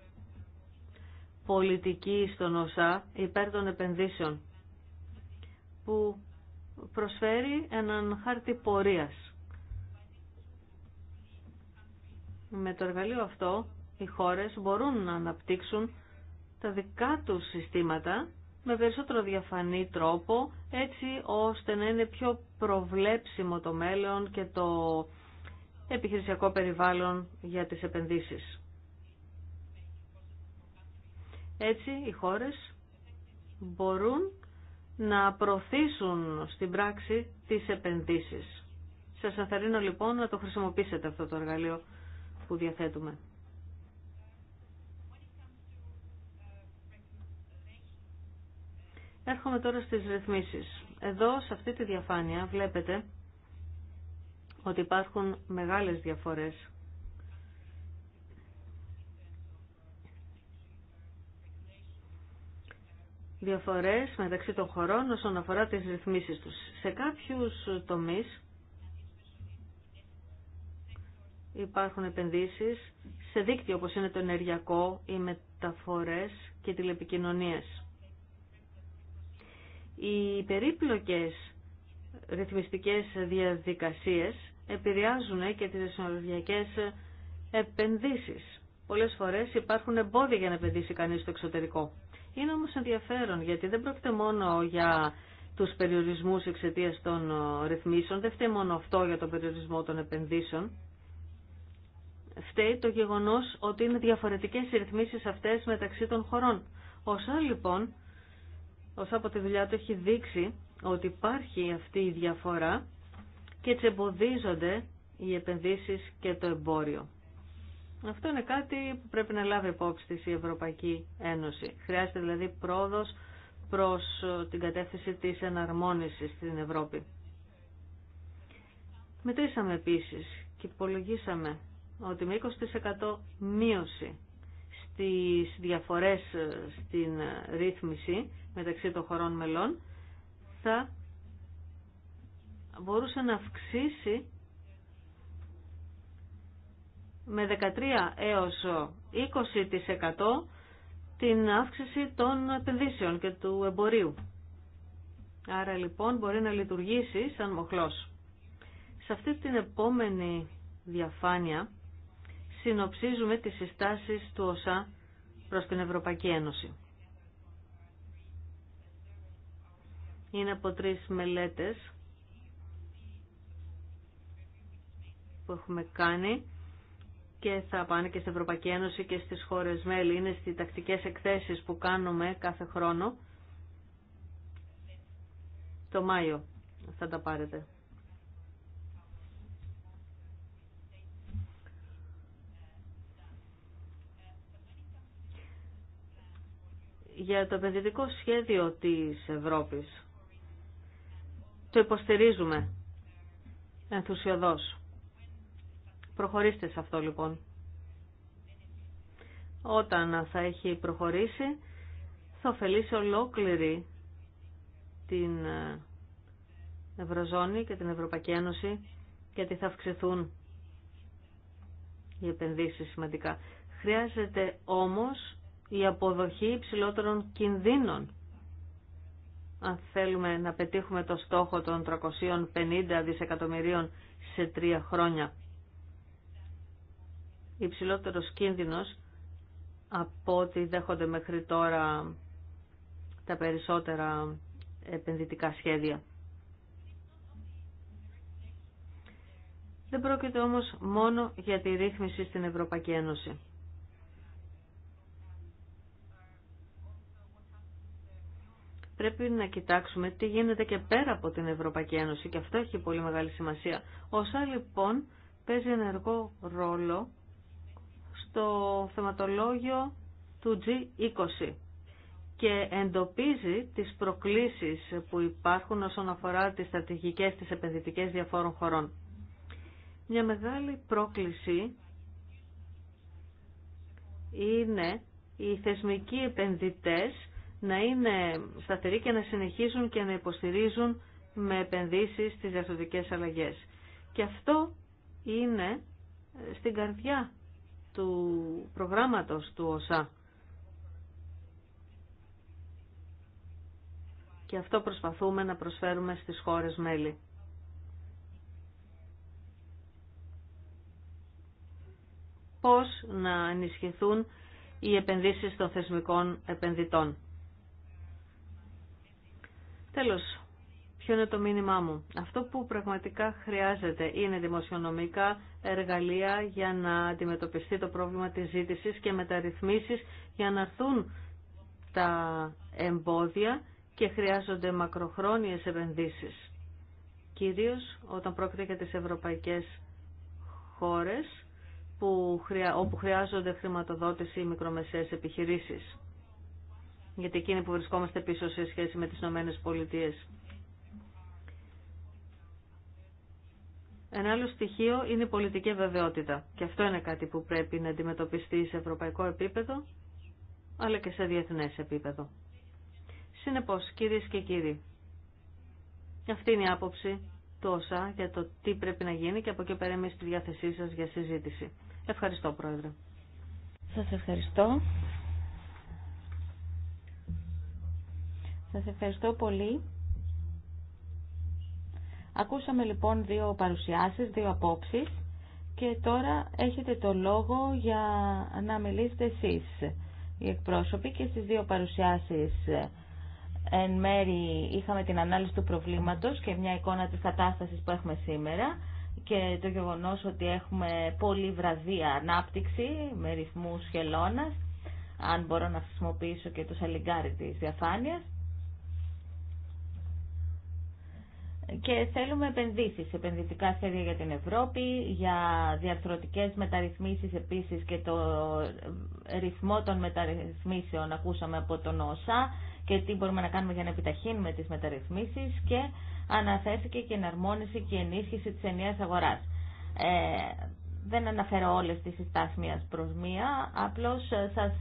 πολιτική στον ΩΣΑ υπέρ των επενδύσεων που προσφέρει έναν χάρτη πορείας. Με το εργαλείο αυτό οι χώρες μπορούν να αναπτύξουν τα δικά τους συστήματα με περισσότερο διαφανή τρόπο έτσι ώστε να είναι πιο προβλέψιμο το μέλλον και το επιχειρησιακό περιβάλλον για τις επενδύσεις. Έτσι οι χώρες μπορούν να προωθήσουν στην πράξη τις επενδύσεις. Σας ενθαρρύνω λοιπόν να το χρησιμοποιήσετε αυτό το εργαλείο που διαθέτουμε. Έρχομαι τώρα στις ρυθμίσεις. Εδώ, σε αυτή τη διαφάνεια, βλέπετε ότι υπάρχουν μεγάλες διαφορές. Διαφορές μεταξύ των χωρών όσον αφορά τις ρυθμίσεις τους. Σε κάποιους τομείς υπάρχουν επενδύσεις σε δίκτυο όπως είναι το ενεργειακό, οι μεταφορές και τηλεπικοινωνίες. Οι περίπλοκες ρυθμιστικές διαδικασίες επηρεάζουν και τις εσωτερικές επενδύσεις. Πολλές φορές υπάρχουν εμπόδια για να επενδύσει κανείς στο εξωτερικό. Είναι όμως ενδιαφέρον γιατί δεν πρόκειται μόνο για τους περιορισμούς εξαιτία των ε, ρυθμίσεων, δεν φταίει μόνο αυτό για τον περιορισμό των επενδύσεων. Φταίει το γεγονός ότι είναι διαφορετικές οι ρυθμίσεις αυτές μεταξύ των χωρών. Όσα λοιπόν όσο από τη δουλειά του έχει δείξει ότι υπάρχει αυτή η διαφορά και έτσι εμποδίζονται οι επενδύσεις και το εμπόριο. Αυτό είναι κάτι που πρέπει να λάβει υπόψη της η Ευρωπαϊκή Ένωση. Χρειάζεται δηλαδή πρόοδος προς ε, την κατεύθυνση της εναρμόνισης στην Ευρώπη. Μετρήσαμε επίσης και υπολογίσαμε ότι με 20% μείωση τις διαφορές ε, στην ε, ρύθμιση μεταξύ των χωρών μελών θα μπορούσε να αυξήσει με 13 έως 20% την αύξηση των επενδύσεων και του εμπορίου. Άρα λοιπόν μπορεί να λειτουργήσει σαν μοχλός. Σε αυτή την επόμενη διαφάνεια συνοψίζουμε τις συστάσεις του ΟΣΑ προς την Ευρωπαϊκή Ένωση. Είναι από τρεις μελέτες που έχουμε κάνει και θα πάνε και στην Ευρωπαϊκή Ένωση και στις χώρες μέλη. Είναι στις τακτικές εκθέσεις που κάνουμε κάθε χρόνο. Το Μάιο θα τα πάρετε. για το επενδυτικό σχέδιο της Ευρώπης. Το υποστηρίζουμε ενθουσιοδός. Προχωρήστε σε αυτό λοιπόν. Όταν θα έχει προχωρήσει, θα ωφελήσει ολόκληρη την Ευρωζώνη και την Ευρωπαϊκή Ένωση, γιατί θα αυξηθούν οι επενδύσεις σημαντικά. Χρειάζεται όμως η αποδοχή υψηλότερων κινδύνων. Αν θέλουμε να πετύχουμε το στόχο των 350 δισεκατομμυρίων σε τρία χρόνια. Υψηλότερος κίνδυνος από ό,τι δέχονται μέχρι τώρα τα περισσότερα επενδυτικά σχέδια. Δεν πρόκειται όμως μόνο για τη ρύθμιση στην Ευρωπαϊκή Ένωση. πρέπει να κοιτάξουμε τι γίνεται και πέρα από την Ευρωπαϊκή Ένωση και αυτό έχει πολύ μεγάλη σημασία. Όσα λοιπόν παίζει ενεργό ρόλο στο θεματολόγιο του G20 και εντοπίζει τις προκλήσεις που υπάρχουν όσον αφορά τις στρατηγικές της επενδυτικές διαφόρων χωρών. Μια μεγάλη πρόκληση είναι οι θεσμικοί επενδυτές να είναι σταθεροί και να συνεχίζουν και να υποστηρίζουν με επενδύσεις τις διαρθρωτικές αλλαγές. Και αυτό είναι στην καρδιά του προγράμματος του ΟΣΑ. Και αυτό προσπαθούμε να προσφέρουμε στις χώρες μέλη. Πώς να ενισχυθούν οι επενδύσεις των θεσμικών επενδυτών. Τέλος, ποιο είναι το μήνυμά μου. Αυτό που πραγματικά χρειάζεται είναι δημοσιονομικά εργαλεία για να αντιμετωπιστεί το πρόβλημα της ζήτησης και μεταρρυθμίσεις για να έρθουν τα εμπόδια και χρειάζονται μακροχρόνιες επενδύσεις. Κυρίως όταν πρόκειται για τις ευρωπαϊκές χώρες που, όπου χρειάζονται χρηματοδότηση οι μικρομεσαίες επιχειρήσεις γιατί εκείνοι που βρισκόμαστε πίσω σε σχέση με τις Ηνωμένες Πολιτείες. Ένα άλλο στοιχείο είναι η πολιτική βεβαιότητα. Και αυτό είναι κάτι που πρέπει να αντιμετωπιστεί σε ευρωπαϊκό επίπεδο, αλλά και σε διεθνές επίπεδο. Συνεπώς, κυρίες και κύριοι, αυτή είναι η άποψη τόσα για το τι πρέπει να γίνει και από εκεί πέρα είμαι στη διάθεσή σας για συζήτηση. Ευχαριστώ, Πρόεδρε. Σας ευχαριστώ. Σας ευχαριστώ πολύ. Ακούσαμε λοιπόν δύο παρουσιάσεις, δύο απόψεις και τώρα έχετε το λόγο για να μιλήσετε εσείς οι εκπρόσωποι και στις δύο παρουσιάσεις εν μέρη είχαμε την ανάλυση του προβλήματος και μια εικόνα της κατάστασης που έχουμε σήμερα και το γεγονός ότι έχουμε πολύ βραδία ανάπτυξη με ρυθμούς χελώνας αν μπορώ να χρησιμοποιήσω και το σαλιγκάρι της διαφάνειας και θέλουμε επενδύσεις, επενδυτικά σχέδια για την Ευρώπη, για διαρθρωτικές μεταρρυθμίσεις επίσης και το ρυθμό των μεταρρυθμίσεων ακούσαμε από τον ΩΣΑ και τι μπορούμε να κάνουμε για να επιταχύνουμε τις μεταρρυθμίσεις και αναθέθηκε και εναρμόνιση και ενίσχυση της ενιαίας αγοράς. Ε, δεν αναφέρω όλες τις συστάσεις μίας προς μία, απλώς σας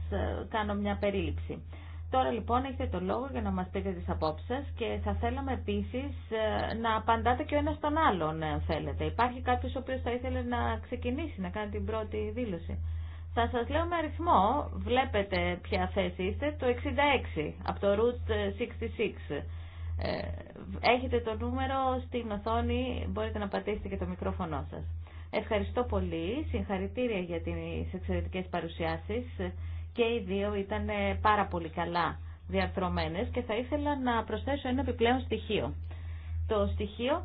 κάνω μια περίληψη. Τώρα λοιπόν έχετε το λόγο για να μας πείτε τις απόψεις σας και θα θέλαμε επίσης ε, να απαντάτε και ο ένας τον άλλον ε, αν θέλετε. Υπάρχει κάποιος ο οποίος θα ήθελε να ξεκινήσει, να κάνει την πρώτη δήλωση. Θα σας λέω με αριθμό, βλέπετε ποια θέση είστε, το 66 από το Route 66. Ε, έχετε το νούμερο στην οθόνη, μπορείτε να πατήσετε και το μικρόφωνο σας. Ευχαριστώ πολύ, συγχαρητήρια για τις εξαιρετικές παρουσιάσεις και οι δύο ήταν ε, πάρα πολύ καλά διαρθρωμένες και θα ήθελα να προσθέσω ένα επιπλέον στοιχείο. Το στοιχείο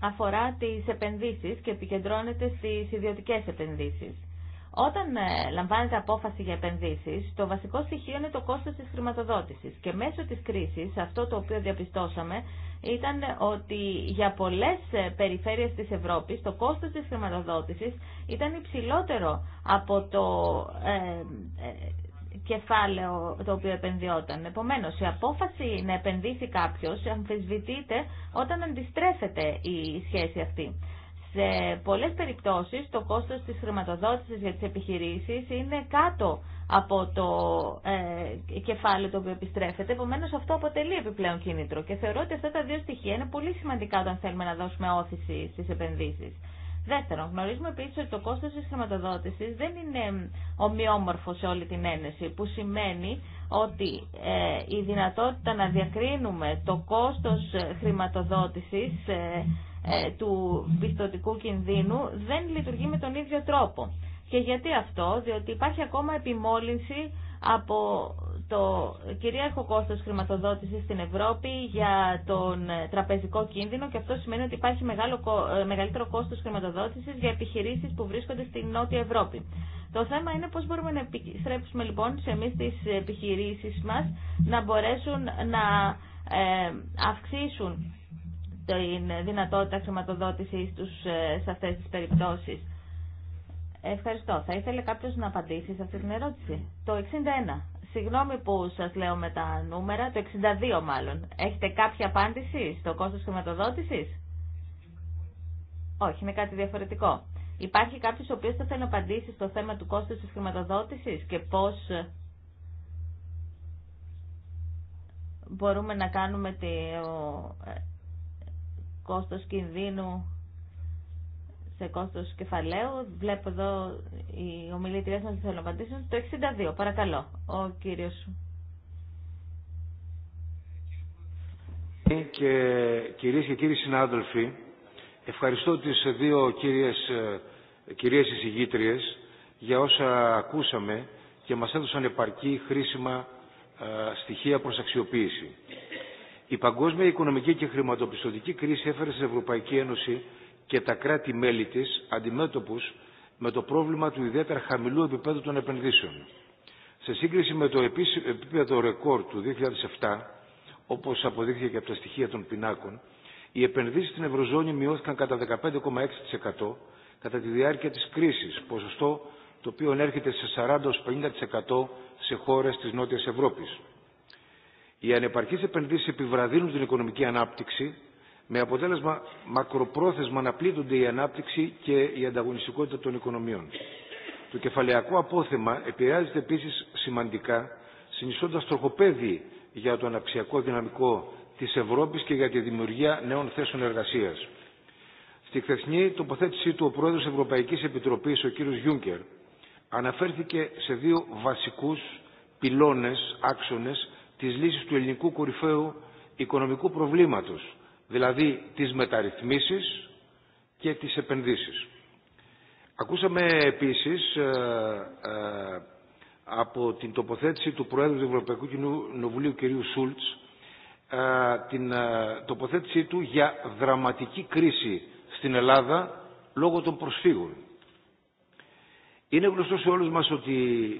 αφορά τις επενδύσεις και επικεντρώνεται στις ιδιωτικές επενδύσεις. Όταν ε, λαμβάνεται απόφαση για επενδύσεις, το βασικό στοιχείο είναι το κόστος της χρηματοδότησης και μέσω της κρίσης αυτό το οποίο διαπιστώσαμε ήταν ότι για πολλές ε, περιφέρειες της Ευρώπης το κόστος της χρηματοδότησης ήταν υψηλότερο από το ε, ε, κεφάλαιο το οποίο επενδυόταν. Επομένως, η απόφαση να επενδύσει κάποιος αμφισβητείται όταν αντιστρέφεται η σχέση αυτή. Σε πολλές περιπτώσεις το κόστος της χρηματοδότησης για τις επιχειρήσεις είναι κάτω από το ε, κεφάλαιο το οποίο επιστρέφεται. Επομένω, αυτό αποτελεί επιπλέον κίνητρο. Και θεωρώ ότι αυτά τα δύο στοιχεία είναι πολύ σημαντικά όταν θέλουμε να δώσουμε όθηση στι επενδύσει. Δεύτερον, γνωρίζουμε επίση ότι το κόστο τη χρηματοδότηση δεν είναι ομοιόμορφο σε όλη την ένεση, που σημαίνει ότι ε, η δυνατότητα να διακρίνουμε το κόστος ε, χρηματοδότησης ε, ε, του πιστοτικού κινδύνου δεν λειτουργεί με τον ίδιο τρόπο. Και γιατί αυτό, διότι υπάρχει ακόμα επιμόλυνση από το κυρίαρχο κόστος χρηματοδότησης στην Ευρώπη για τον ε, τραπεζικό κίνδυνο και αυτό σημαίνει ότι υπάρχει μεγάλο, ε, μεγαλύτερο κόστος χρηματοδότησης για επιχειρήσεις που βρίσκονται στην Νότια Ευρώπη. Το θέμα είναι πώς μπορούμε να επιστρέψουμε λοιπόν σε εμείς τις επιχειρήσεις μας να μπορέσουν να αυξήσουν την δυνατότητα χρηματοδότησης τους ε, σε αυτές τις περιπτώσεις. Ευχαριστώ. Θα ήθελε κάποιος να απαντήσει σε αυτή την ερώτηση. Το 61. Συγγνώμη που σας λέω με τα νούμερα. Το 62 μάλλον. Έχετε κάποια απάντηση στο κόστος χρηματοδότησης. Όχι, είναι κάτι διαφορετικό. Υπάρχει κάποιος ο οποίος θα θέλει να απαντήσει στο θέμα του κόστου της χρηματοδότησης και πώς ε, μπορούμε να κάνουμε το κόστος κινδύνου σε κόστος κεφαλαίου. Βλέπω εδώ οι ομιλητρίες μας θέλουν να απαντήσουν. Το 62, παρακαλώ, ο κύριος και κυρίες και κύριοι συνάδελφοι, ευχαριστώ τις δύο κυρίες, κυρίες εισηγήτριες για όσα ακούσαμε και μας έδωσαν επαρκή χρήσιμα ε, στοιχεία προς αξιοποίηση. Η παγκόσμια οικονομική και χρηματοπιστωτική κρίση έφερε στην Ευρωπαϊκή Ένωση και τα κράτη-μέλη τη αντιμέτωπου με το πρόβλημα του ιδιαίτερα χαμηλού επίπεδου των επενδύσεων. Σε σύγκριση με το επίπεδο ρεκόρ του 2007, όπω αποδείχθηκε από τα στοιχεία των πινάκων, οι επενδύσει στην Ευρωζώνη μειώθηκαν κατά 15,6% κατά τη διάρκεια τη κρίση, ποσοστό το οποίο ανέρχεται σε 40-50% σε χώρε τη Νότια Ευρώπη. Οι ανεπαρκεί επενδύσει επιβραδύνουν την οικονομική ανάπτυξη με αποτέλεσμα μακροπρόθεσμα να πλήττονται η ανάπτυξη και η ανταγωνιστικότητα των οικονομιών. Το κεφαλαιακό απόθεμα επηρεάζεται επίση σημαντικά συνιστώντα τροχοπέδι για το αναψιακό δυναμικό τη Ευρώπη και για τη δημιουργία νέων θέσεων εργασία. Στη χθεσινή τοποθέτησή του ο Πρόεδρος Ευρωπαϊκή Επιτροπή, ο κ. Γιούγκερ, αναφέρθηκε σε δύο βασικού πυλώνες, άξονε της λύσης του ελληνικού κορυφαίου οικονομικού προβλήματος, δηλαδή τις μεταρρυθμίσεις και τις επενδύσεις. Ακούσαμε επίσης ε, ε, από την τοποθέτηση του Προέδρου του Ευρωπαϊκού Κοινοβουλίου κ. Σούλτς ε, την τοποθέτησή του για δραματική κρίση στην Ελλάδα λόγω των προσφύγων. Είναι γνωστό σε όλους μας ότι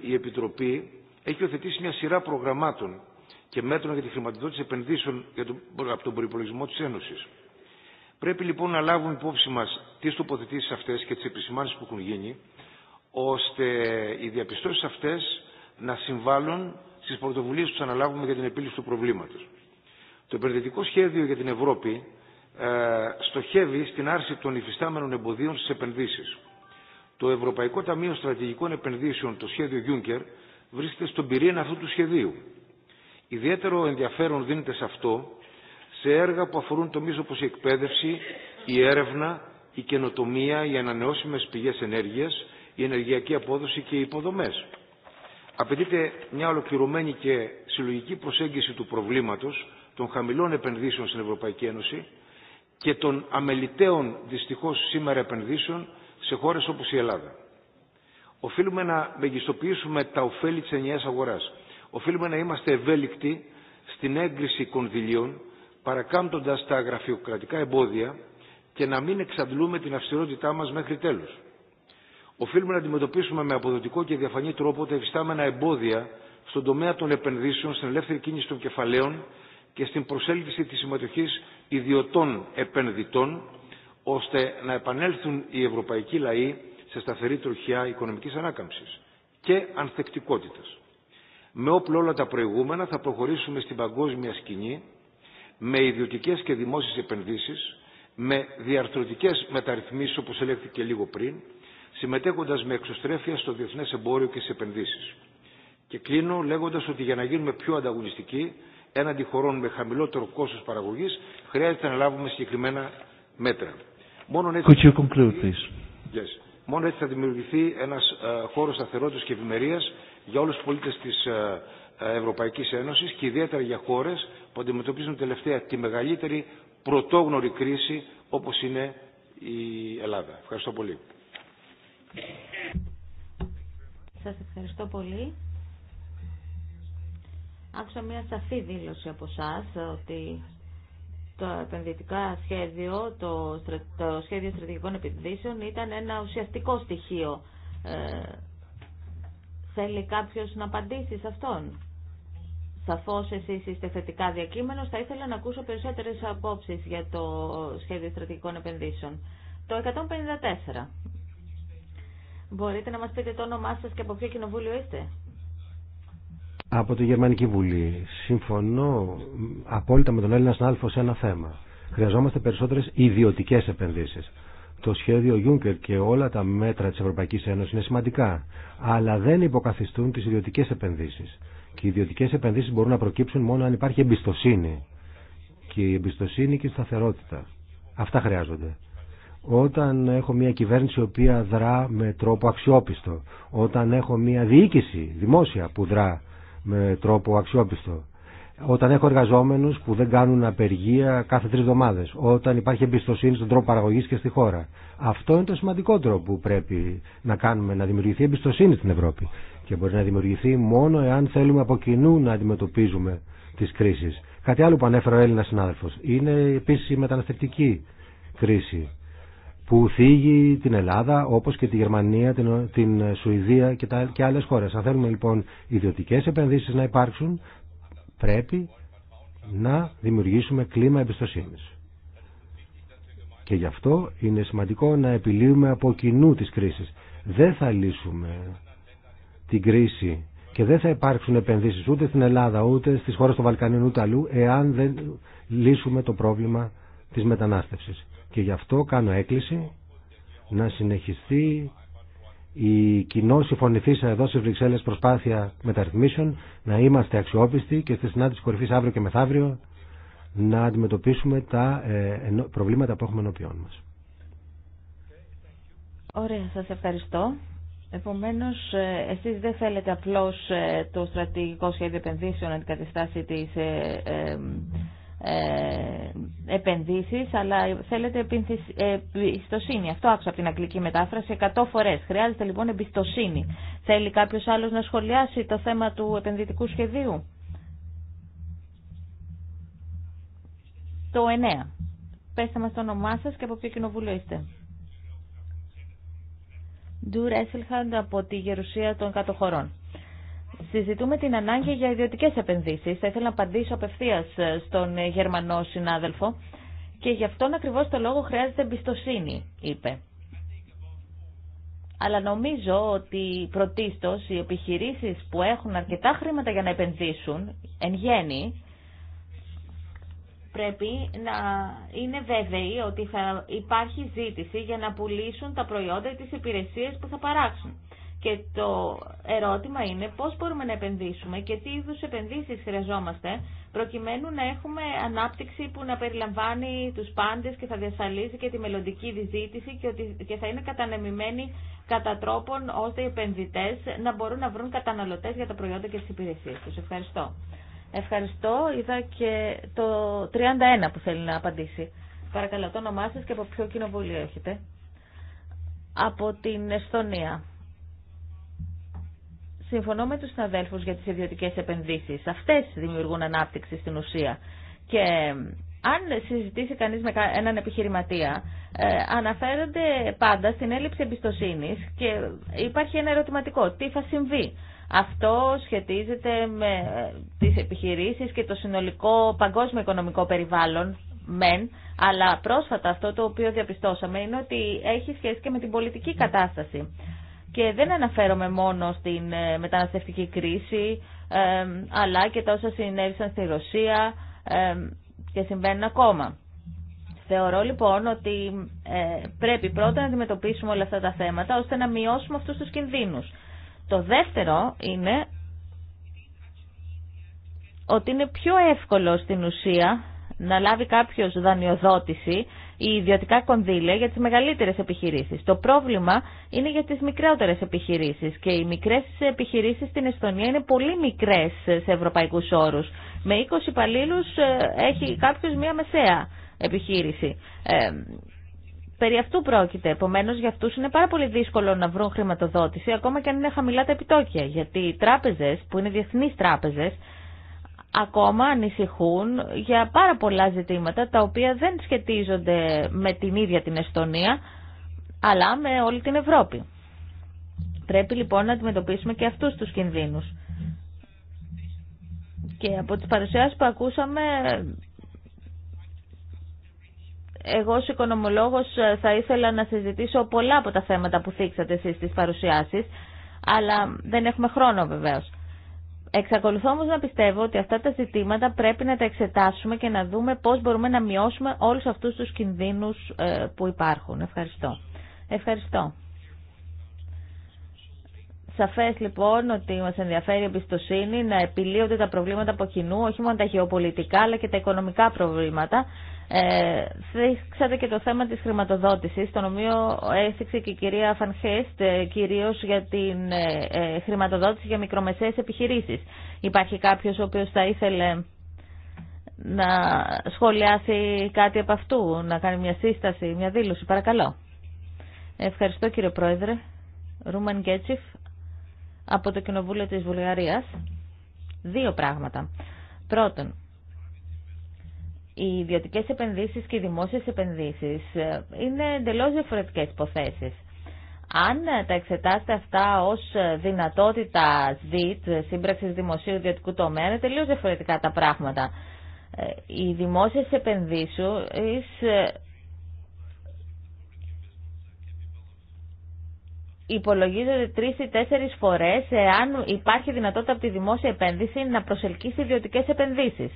η Επιτροπή έχει οθετήσει μια σειρά προγραμμάτων και μέτρων για τη χρηματοδότηση επενδύσεων από τον προπολογισμό τη Ένωση. Πρέπει λοιπόν να λάβουμε υπόψη μα τι τοποθετήσει αυτέ και τι επισημάνσει που έχουν γίνει, ώστε οι διαπιστώσει αυτέ να συμβάλλουν στι πρωτοβουλίε που θα αναλάβουμε για την επίλυση του προβλήματο. Το επενδυτικό σχέδιο για την Ευρώπη ε, στοχεύει στην άρση των υφιστάμενων εμποδίων στι επενδύσει. Το Ευρωπαϊκό Ταμείο Στρατηγικών Επενδύσεων, το σχέδιο Juncker, βρίσκεται στον πυρήνα αυτού του σχεδίου Ιδιαίτερο ενδιαφέρον δίνεται σε αυτό σε έργα που αφορούν τομείς όπως η εκπαίδευση, η έρευνα, η καινοτομία, οι ανανεώσιμες πηγές ενέργειας, η ενεργειακή απόδοση και οι υποδομές. Απαιτείται μια ολοκληρωμένη και συλλογική προσέγγιση του προβλήματος των χαμηλών επενδύσεων στην Ευρωπαϊκή Ένωση και των αμεληταίων δυστυχώς σήμερα επενδύσεων σε χώρες όπως η Ελλάδα. Οφείλουμε να μεγιστοποιήσουμε τα ωφέλη της ενιαίας αγοράς οφείλουμε να είμαστε ευέλικτοι στην έγκριση κονδυλίων, παρακάμπτοντας τα γραφειοκρατικά εμπόδια και να μην εξαντλούμε την αυστηρότητά μας μέχρι τέλους. Οφείλουμε να αντιμετωπίσουμε με αποδοτικό και διαφανή τρόπο τα υφιστάμενα εμπόδια στον τομέα των επενδύσεων, στην ελεύθερη κίνηση των κεφαλαίων και στην προσέλκυση της συμμετοχής ιδιωτών επενδυτών, ώστε να επανέλθουν οι ευρωπαϊκοί λαοί σε σταθερή τροχιά οικονομικής ανάκαμψη και ανθεκτικότητας με όπλο όλα τα προηγούμενα θα προχωρήσουμε στην παγκόσμια σκηνή με ιδιωτικές και δημόσιες επενδύσεις, με διαρθρωτικές μεταρρυθμίσεις όπως ελέγχθηκε λίγο πριν, συμμετέχοντας με εξωστρέφεια στο διεθνές εμπόριο και στις επενδύσεις. Και κλείνω λέγοντας ότι για να γίνουμε πιο ανταγωνιστικοί έναντι χωρών με χαμηλότερο κόστος παραγωγής χρειάζεται να λάβουμε συγκεκριμένα μέτρα. Μόνο έτσι... Μόνο έτσι θα δημιουργηθεί ένας ε, χώρος σταθερότητας και ευημερίας για όλους τους πολίτες της ε, ε, Ευρωπαϊκής Ένωσης και ιδιαίτερα για χώρες που αντιμετωπίζουν τελευταία τη μεγαλύτερη πρωτόγνωρη κρίση όπως είναι η Ελλάδα. Ευχαριστώ πολύ. Σας ευχαριστώ πολύ. Άκουσα μια σαφή δήλωση από εσά ότι το επενδυτικά σχέδιο, το, το σχέδιο στρατηγικών επενδύσεων ήταν ένα ουσιαστικό στοιχείο. Ε, θέλει κάποιος να απαντήσει σε αυτόν. Σαφώς εσείς είστε θετικά διακείμενος. Θα ήθελα να ακούσω περισσότερες απόψεις για το σχέδιο στρατηγικών επενδύσεων. Το 154. Μπορείτε να μας πείτε το όνομά σας και από ποιο κοινοβούλιο είστε από τη Γερμανική Βουλή. Συμφωνώ απόλυτα με τον Έλληνα Σνάλφο σε ένα θέμα. Χρειαζόμαστε περισσότερε ιδιωτικέ επενδύσει. Το σχέδιο Juncker και όλα τα μέτρα τη Ευρωπαϊκή Ένωση είναι σημαντικά, αλλά δεν υποκαθιστούν τι ιδιωτικέ επενδύσει. Και οι ιδιωτικέ επενδύσει μπορούν να προκύψουν μόνο αν υπάρχει εμπιστοσύνη. Και η εμπιστοσύνη και η σταθερότητα. Αυτά χρειάζονται. Όταν έχω μια κυβέρνηση η οποία δρά με τρόπο αξιόπιστο, όταν έχω μια διοίκηση δημόσια που δρά με τρόπο αξιόπιστο. Όταν έχω εργαζόμενους που δεν κάνουν απεργία κάθε τρεις εβδομάδες. Όταν υπάρχει εμπιστοσύνη στον τρόπο παραγωγής και στη χώρα. Αυτό είναι το σημαντικότερο που πρέπει να κάνουμε, να δημιουργηθεί εμπιστοσύνη στην Ευρώπη. Και μπορεί να δημιουργηθεί μόνο εάν θέλουμε από κοινού να αντιμετωπίζουμε τις κρίσεις. Κάτι άλλο που ανέφερε ο Έλληνας συνάδελφος. Είναι επίσης η μεταναστευτική κρίση που θίγει την Ελλάδα όπως και τη Γερμανία, την, την Σουηδία και, και άλλες χώρες. Αν θέλουμε λοιπόν ιδιωτικές επενδύσεις να υπάρξουν πρέπει να δημιουργήσουμε κλίμα εμπιστοσύνης. Και γι' αυτό είναι σημαντικό να επιλύουμε από κοινού τις κρίσεις. Δεν θα λύσουμε την κρίση και δεν θα υπάρξουν επενδύσεις ούτε στην Ελλάδα, ούτε στις χώρες των Βαλκανίων, ούτε αλλού, εάν δεν λύσουμε το πρόβλημα της μετανάστευσης. Και γι' αυτό κάνω έκκληση να συνεχιστεί η κοινό συμφωνηθήσα εδώ στι Βρυξέλλε προσπάθεια μεταρρυθμίσεων, να είμαστε αξιόπιστοι και στη συνάντηση κορυφή αύριο και μεθαύριο να αντιμετωπίσουμε τα ε, προβλήματα που έχουμε ενώπιόν μα. Ωραία, σας ευχαριστώ. Επομένως, ε, εσείς δεν θέλετε απλώς ε, το στρατηγικό σχέδιο επενδύσεων να αντικαταστάσει τις ε, επενδύσεις, αλλά θέλετε εμπιστοσύνη. Αυτό άκουσα από την αγγλική μετάφραση 100 φορές. Χρειάζεται λοιπόν εμπιστοσύνη. Θέλει κάποιος άλλος να σχολιάσει το θέμα του επενδυτικού σχεδίου. Το 9. Πέστε μας το όνομά σας και από ποιο κοινοβούλιο είστε. Ντουρ από τη Γερουσία των Κατοχωρών συζητούμε την ανάγκη για ιδιωτικέ επενδύσει. Θα ήθελα να απαντήσω απευθείας στον Γερμανό συνάδελφο και γι' αυτόν ακριβώ το λόγο χρειάζεται εμπιστοσύνη, είπε. Αλλά νομίζω ότι πρωτίστως οι επιχειρήσεις που έχουν αρκετά χρήματα για να επενδύσουν, εν γέννη, πρέπει να είναι βέβαιοι ότι θα υπάρχει ζήτηση για να πουλήσουν τα προϊόντα ή τις υπηρεσίες που θα παράξουν. Και το ερώτημα είναι πώς μπορούμε να επενδύσουμε και τι είδους επενδύσεις χρειαζόμαστε προκειμένου να έχουμε ανάπτυξη που να περιλαμβάνει τους πάντες και θα διασφαλίζει και τη μελλοντική διζήτηση και θα είναι κατανεμημένη κατά τρόπον ώστε οι επενδυτές να μπορούν να βρουν καταναλωτές για τα προϊόντα και τις υπηρεσίες τους. Ευχαριστώ. Ευχαριστώ. Είδα και το 31 που θέλει να απαντήσει. Παρακαλώ το όνομά σας και από ποιο κοινοβούλιο έχετε. Από την Εσθονία. Συμφωνώ με του συναδέλφου για τι ιδιωτικέ επενδύσει. Αυτέ δημιουργούν ανάπτυξη στην ουσία. Και αν συζητήσει κανεί με έναν επιχειρηματία, ε, αναφέρονται πάντα στην έλλειψη εμπιστοσύνη και υπάρχει ένα ερωτηματικό. Τι θα συμβεί. Αυτό σχετίζεται με ε, τις επιχειρήσεις και το συνολικό παγκόσμιο οικονομικό περιβάλλον, μεν, αλλά πρόσφατα αυτό το οποίο διαπιστώσαμε είναι ότι έχει σχέση και με την πολιτική κατάσταση. Και δεν αναφέρομαι μόνο στην ε, μεταναστευτική κρίση, αλλά και τα όσα συνέβησαν στη Ρωσία και συμβαίνουν ακόμα. Θεωρώ λοιπόν ότι ε, πρέπει πρώτα να αντιμετωπίσουμε όλα αυτά τα θέματα ώστε να μειώσουμε αυτούς τους κινδύνους. Το δεύτερο είναι ότι είναι πιο εύκολο στην ουσία να λάβει κάποιος δανειοδότηση οι ιδιωτικά κονδύλια για τις μεγαλύτερες επιχειρήσεις. Το πρόβλημα είναι για τις μικρότερες επιχειρήσεις και οι μικρές επιχειρήσεις στην Εστονία είναι πολύ μικρές σε ευρωπαϊκούς όρους. Με 20 υπαλλήλους ε, έχει κάποιο μία μεσαία επιχείρηση. Ε, περί αυτού πρόκειται. Επομένω, για αυτού είναι πάρα πολύ δύσκολο να βρουν χρηματοδότηση, ακόμα και αν είναι χαμηλά τα επιτόκια. Γιατί οι τράπεζε, που είναι διεθνεί τράπεζε, ακόμα ανησυχούν για πάρα πολλά ζητήματα τα οποία δεν σχετίζονται με την ίδια την Εστονία αλλά με όλη την Ευρώπη. Πρέπει λοιπόν να αντιμετωπίσουμε και αυτούς τους κινδύνους. Και από τις παρουσιάσεις που ακούσαμε εγώ ως οικονομολόγος θα ήθελα να συζητήσω πολλά από τα θέματα που θίξατε εσείς στις παρουσιάσεις αλλά δεν έχουμε χρόνο βεβαίως. Εξακολουθώ όμως να πιστεύω ότι αυτά τα ζητήματα πρέπει να τα εξετάσουμε και να δούμε πώς μπορούμε να μειώσουμε όλους αυτούς τους κινδύνους ε, που υπάρχουν. Ευχαριστώ. Ευχαριστώ. Σαφές λοιπόν ότι μας ενδιαφέρει η εμπιστοσύνη να επιλύονται τα προβλήματα από κοινού, όχι μόνο τα γεωπολιτικά αλλά και τα οικονομικά προβλήματα. Ε, Θέξατε και το θέμα της χρηματοδότησης, τον οποίο έθιξε και η κυρία Φανχέστ, ε, κυρίως για την ε, ε, χρηματοδότηση για μικρομεσαίες επιχειρήσεις. Υπάρχει κάποιος ο οποίος θα ήθελε να σχολιάσει κάτι από αυτού, να κάνει μια σύσταση, μια δήλωση, παρακαλώ. Ευχαριστώ κύριε Πρόεδρε. Ρούμαν Γκέτσιφ από το Κοινοβούλιο της Βουλγαρίας δύο πράγματα. Πρώτον, οι ιδιωτικέ επενδύσεις και οι δημόσιες επενδύσεις ε, είναι εντελώς διαφορετικές υποθέσεις. Αν ε, τα εξετάσετε αυτά ως ε, δυνατότητα ΣΔΙΤ, σύμπραξης δημοσίου ιδιωτικού τομέα, είναι τελείως διαφορετικά τα πράγματα. Οι δημόσιες επενδύσεις υπολογίζεται τρει ή τέσσερι φορέ εάν υπάρχει δυνατότητα από τη δημόσια επένδυση να προσελκύσει ιδιωτικέ επενδύσει.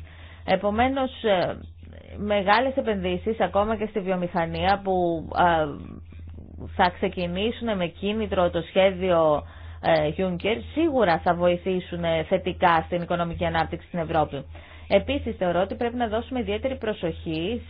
Επομένω, ε, μεγάλε επενδύσει, ακόμα και στη βιομηχανία, που θα ξεκινήσουν με κίνητρο το σχέδιο ε, Juncker, σίγουρα θα βοηθήσουν ε, θετικά στην οικονομική ανάπτυξη στην Ευρώπη. Επίσης θεωρώ ότι πρέπει να δώσουμε ιδιαίτερη προσοχή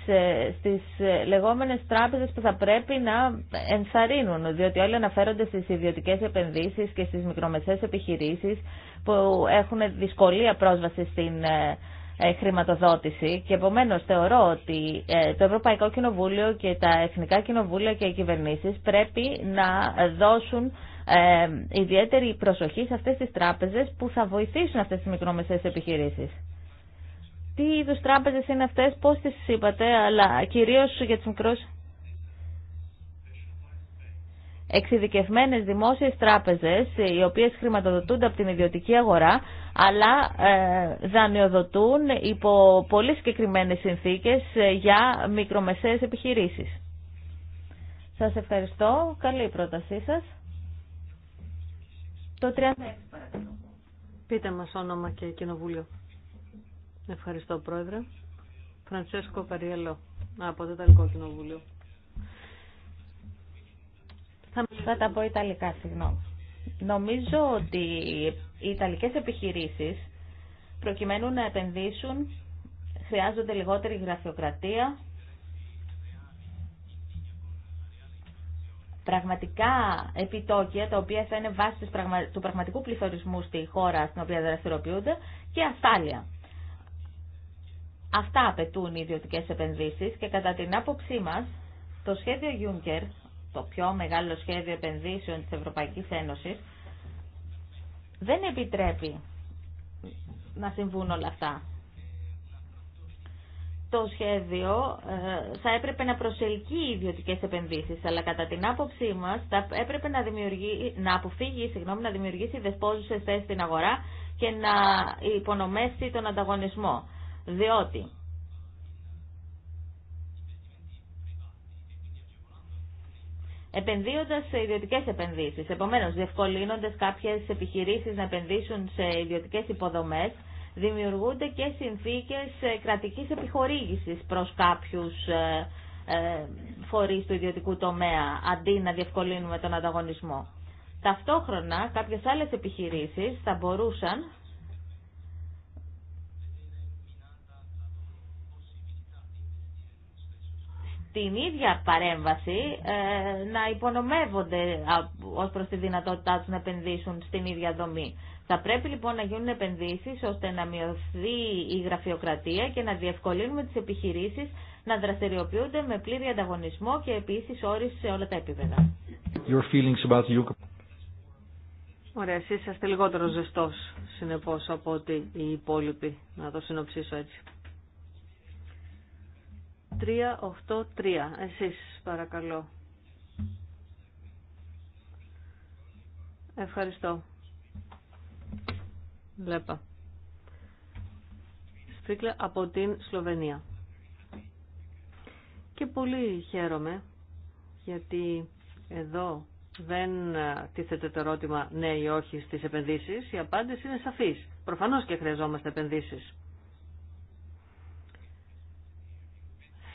στις ε, λεγόμενες τράπεζες που θα πρέπει να ενθαρρύνουν, διότι όλοι αναφέρονται στις ιδιωτικές επενδύσεις και στις μικρομεσαίες επιχειρήσεις που έχουν δυσκολία πρόσβαση στην ε, ε, χρηματοδότηση και επομένως θεωρώ ότι το Ευρωπαϊκό Κοινοβούλιο και τα Εθνικά Κοινοβούλια και οι κυβερνήσεις πρέπει να δώσουν ιδιαίτερη προσοχή σε αυτές τις τράπεζες που θα βοηθήσουν αυτές τις μικρομεσαίες επιχειρήσεις. Τι είδους τράπεζες είναι αυτές, πώς τις είπατε, αλλά κυρίως για τις μικρές εξειδικευμένες δημόσιες τράπεζες οι οποίες χρηματοδοτούνται από την ιδιωτική αγορά αλλά ε, δανειοδοτούν υπό πολύ συγκεκριμένες συνθήκες ε, για μικρομεσαίες επιχειρήσεις. Σας ευχαριστώ. Καλή η πρότασή σας. Το 36 Πείτε μα όνομα και κοινοβούλιο. Ευχαριστώ, Πρόεδρε. Φρανσέσκο Καριέλο, από το Ιταλικό Κοινοβούλιο. Θα τα πω Ιταλικά, συγγνώμη. Νομίζω ότι οι Ιταλικές επιχειρήσεις, προκειμένου να επενδύσουν, χρειάζονται λιγότερη γραφειοκρατία, πραγματικά επιτόκια τα οποία θα είναι βάση του πραγματικού πληθωρισμού στη χώρα στην οποία δραστηριοποιούνται και ασφάλεια. Αυτά απαιτούν οι ιδιωτικέ επενδύσεις και κατά την άποψή μα, το σχέδιο Juncker, το πιο μεγάλο σχέδιο επενδύσεων της Ευρωπαϊκής Ένωσης, δεν επιτρέπει να συμβούν όλα αυτά. Το σχέδιο ε, θα έπρεπε να προσελκύει ιδιωτικέ επενδύσεις, αλλά κατά την άποψή μα θα έπρεπε να, να αποφύγει, συγγνώμη, να δημιουργήσει δεσπόζουσε θέσει στην αγορά και να υπονομεύσει τον ανταγωνισμό διότι επενδύοντας σε ιδιωτικές επενδύσεις, επομένως διευκολύνοντας κάποιες επιχειρήσεις να επενδύσουν σε ιδιωτικές υποδομές, δημιουργούνται και συνθήκες ε, κρατικής επιχορήγησης προς κάποιους ε, ε, φορείς του ιδιωτικού τομέα, αντί να διευκολύνουμε τον ανταγωνισμό. Ταυτόχρονα, κάποιες άλλες επιχειρήσεις θα μπορούσαν την ίδια παρέμβαση ε, να υπονομεύονται ως προς τη δυνατότητά τους να επενδύσουν στην ίδια δομή. Θα πρέπει λοιπόν να γίνουν επενδύσεις ώστε να μειωθεί η γραφειοκρατία και να διευκολύνουμε τις επιχειρήσεις να δραστηριοποιούνται με πλήρη ανταγωνισμό και επίσης όρι σε όλα τα επίπεδα. Your feelings about Ωραία, εσείς είστε λιγότερο ζεστός συνεπώς από ότι οι υπόλοιποι, να το συνοψίσω έτσι. 383. Εσείς παρακαλώ. Ευχαριστώ. Βλέπα. Σφίκλα από την Σλοβενία. Και πολύ χαίρομαι γιατί εδώ δεν τίθεται το ερώτημα ναι ή όχι στις επενδύσεις. Η απάντηση είναι σαφής. Προφανώς και χρειαζόμαστε επενδύσεις.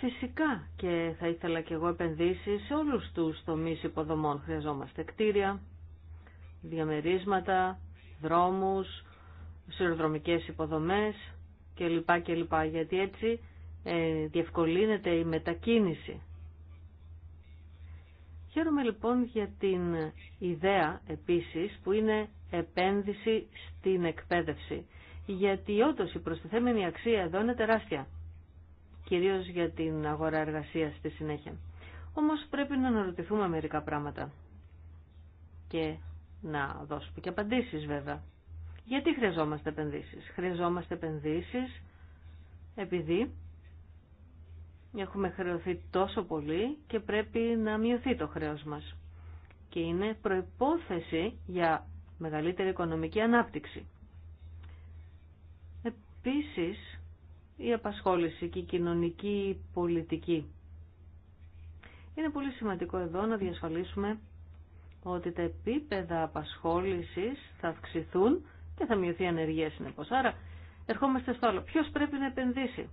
Φυσικά και θα ήθελα και εγώ επενδύσει σε όλους τους τομείς υποδομών. Χρειαζόμαστε κτίρια, διαμερίσματα, δρόμους, σειροδρομικές υποδομές κλπ. Γιατί έτσι ε, διευκολύνεται η μετακίνηση. Χαίρομαι λοιπόν για την ιδέα επίσης που είναι επένδυση στην εκπαίδευση. Γιατί όντω η προστιθέμενη αξία εδώ είναι τεράστια κυρίως για την αγορά εργασία στη συνέχεια. Όμως πρέπει να αναρωτηθούμε μερικά πράγματα και να δώσουμε και απαντήσεις βέβαια. Γιατί χρειαζόμαστε επενδύσεις. Χρειαζόμαστε επενδύσεις επειδή έχουμε χρεωθεί τόσο πολύ και πρέπει να μειωθεί το χρέος μας. Και είναι προϋπόθεση για μεγαλύτερη οικονομική ανάπτυξη. Επίσης, η απασχόληση και η κοινωνική πολιτική. Είναι πολύ σημαντικό εδώ να διασφαλίσουμε ότι τα επίπεδα απασχόλησης θα αυξηθούν και θα μειωθεί η ανεργία συνεπώς. Άρα ερχόμαστε στο άλλο. Ποιος πρέπει να επενδύσει.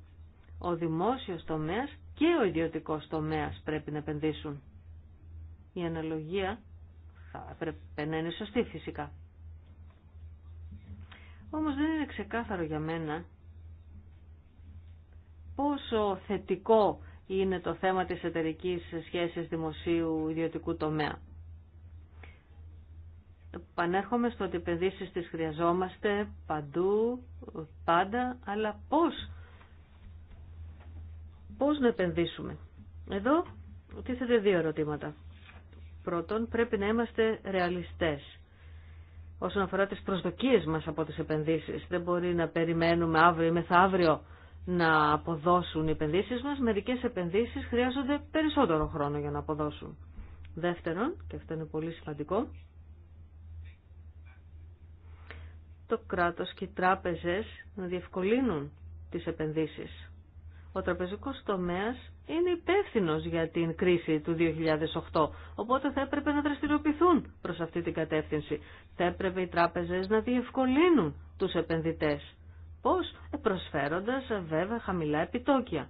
Ο δημόσιος τομέας και ο ιδιωτικός τομέας πρέπει να επενδύσουν. Η αναλογία θα πρέπει να είναι σωστή φυσικά. Όμως δεν είναι ξεκάθαρο για μένα πόσο θετικό είναι το θέμα της εταιρικής σχέσης δημοσίου ιδιωτικού τομέα. Πανέρχομαι στο ότι επενδύσει τις χρειαζόμαστε παντού, πάντα, αλλά πώς, πώς να επενδύσουμε. Εδώ τίθεται δύο ερωτήματα. Πρώτον, πρέπει να είμαστε ρεαλιστές όσον αφορά τις προσδοκίες μας από τις επενδύσεις. Δεν μπορεί να περιμένουμε αύριο ή μεθαύριο να αποδώσουν οι επενδύσεις μας. Μερικές επενδύσεις χρειάζονται περισσότερο χρόνο για να αποδώσουν. Δεύτερον, και αυτό είναι πολύ σημαντικό, το κράτος και οι τράπεζες να διευκολύνουν τις επενδύσεις. Ο τραπεζικός τομέας είναι υπεύθυνο για την κρίση του 2008, οπότε θα έπρεπε να δραστηριοποιηθούν προς αυτή την κατεύθυνση. Θα έπρεπε οι τράπεζες να διευκολύνουν τους επενδυτές Πώς προσφέροντας ε, βέβαια χαμηλά επιτόκια.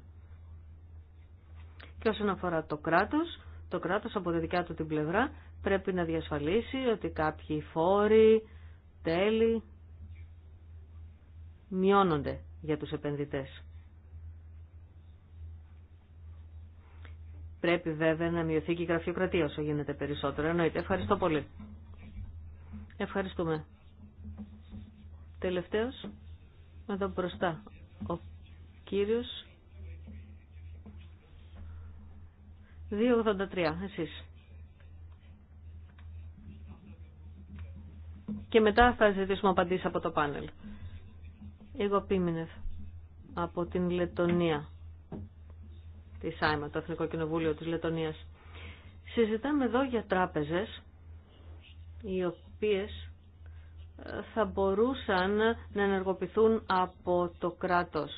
Και όσον αφορά το κράτος, το κράτος από τη δικιά του την πλευρά πρέπει να διασφαλίσει ότι κάποιοι φόροι, τέλη μειώνονται για τους επενδυτές. Πρέπει βέβαια να μειωθεί και η γραφειοκρατία όσο γίνεται περισσότερο. Εννοείται. Ευχαριστώ πολύ. Ευχαριστούμε. Τελευταίος εδώ μπροστά. Ο κύριος 2.83, εσείς. Και μετά θα ζητήσουμε απαντήσει από το πάνελ. Εγώ Πίμινεφ, από την Λετωνία, τη ΣΑΙΜΑ, το Εθνικό Κοινοβούλιο της Λετωνίας. Συζητάμε εδώ για τράπεζες, οι οποίες θα μπορούσαν να ενεργοποιηθούν από το κράτος.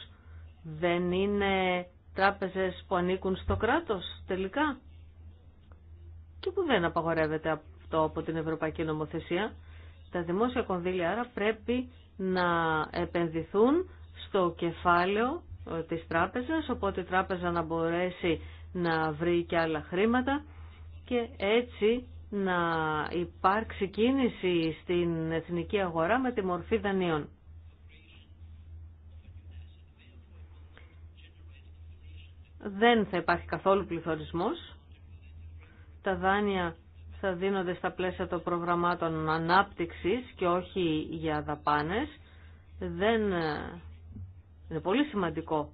Δεν είναι τράπεζες που ανήκουν στο κράτος τελικά και που δεν απαγορεύεται αυτό από την Ευρωπαϊκή Νομοθεσία. Τα δημόσια κονδύλια άρα πρέπει να επενδυθούν στο κεφάλαιο ε, της τράπεζας, οπότε η τράπεζα να μπορέσει να βρει και άλλα χρήματα και έτσι να υπάρξει κίνηση στην εθνική αγορά με τη μορφή δανείων. Δεν θα υπάρχει καθόλου πληθωρισμός. Τα δάνεια θα δίνονται στα πλαίσια των προγραμμάτων ανάπτυξης και όχι για δαπάνες. Δεν... Ε, είναι πολύ σημαντικό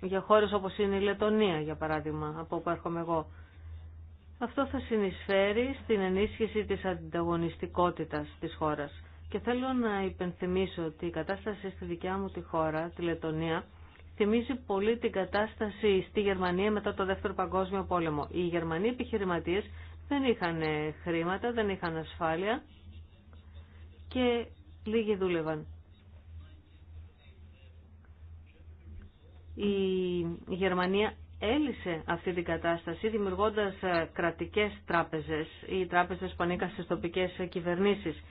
για χώρες όπως είναι η Λετωνία, για παράδειγμα, από όπου έρχομαι εγώ. Αυτό θα συνεισφέρει στην ενίσχυση της ανταγωνιστικότητα της χώρας. Και θέλω να υπενθυμίσω ότι η κατάσταση στη δικιά μου τη χώρα, τη Λετωνία, θυμίζει πολύ την κατάσταση στη Γερμανία μετά το Δεύτερο Παγκόσμιο Πόλεμο. Οι Γερμανοί επιχειρηματίες δεν είχαν χρήματα, δεν είχαν ασφάλεια και λίγοι δούλευαν. η Γερμανία έλυσε αυτή την κατάσταση δημιουργώντας ε, κρατικές τράπεζες ή τράπεζες που ανήκαν στις τοπικές ε, κυβερνήσεις.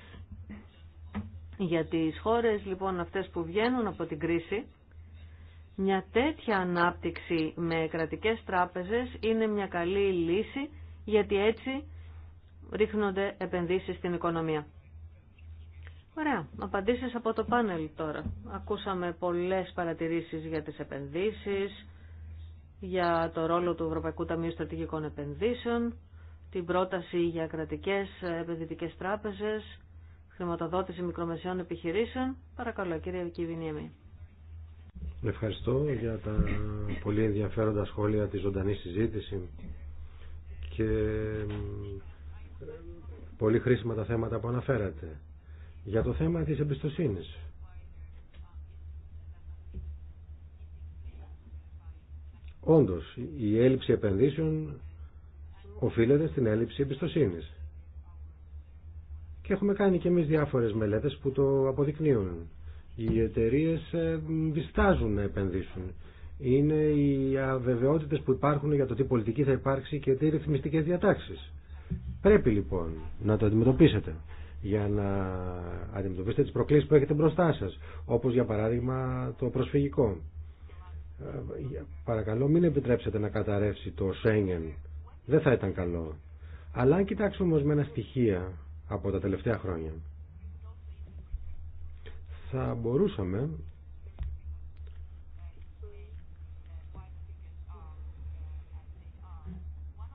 Για τις χώρες λοιπόν αυτές που βγαίνουν από την κρίση, μια τέτοια ανάπτυξη με κρατικές τράπεζες είναι μια καλή λύση γιατί έτσι ρίχνονται επενδύσεις στην οικονομία. Ωραία. Απαντήσεις από το πάνελ τώρα. Ακούσαμε πολλές παρατηρήσεις για τις επενδύσεις, για το ρόλο του Ευρωπαϊκού Ταμείου Στρατηγικών Επενδύσεων, την πρόταση για κρατικές επενδυτικές τράπεζες, χρηματοδότηση μικρομεσαίων επιχειρήσεων. Παρακαλώ, κύριε Κιβινιέμι. Ευχαριστώ για τα πολύ ενδιαφέροντα σχόλια της ζωντανή συζήτηση και ε, πολύ χρήσιμα τα θέματα που αναφέρατε. Για το θέμα της εμπιστοσύνης. Όντως, η έλλειψη επενδύσεων οφείλεται στην έλλειψη εμπιστοσύνης. Και έχουμε κάνει και εμείς διάφορες μελέτες που το αποδεικνύουν. Οι εταιρείε ε, διστάζουν να επενδύσουν. Είναι οι αβεβαιότητες που υπάρχουν για το τι πολιτική θα υπάρξει και τι ρυθμιστικές διατάξεις. Πρέπει λοιπόν να το αντιμετωπίσετε για να αντιμετωπίσετε τις προκλήσεις που έχετε μπροστά σας, όπως για παράδειγμα το προσφυγικό. Ε, παρακαλώ μην επιτρέψετε να καταρρεύσει το Σέγγεν. Δεν θα ήταν καλό. Αλλά αν κοιτάξουμε με ένα στοιχεία από τα τελευταία χρόνια, θα μπορούσαμε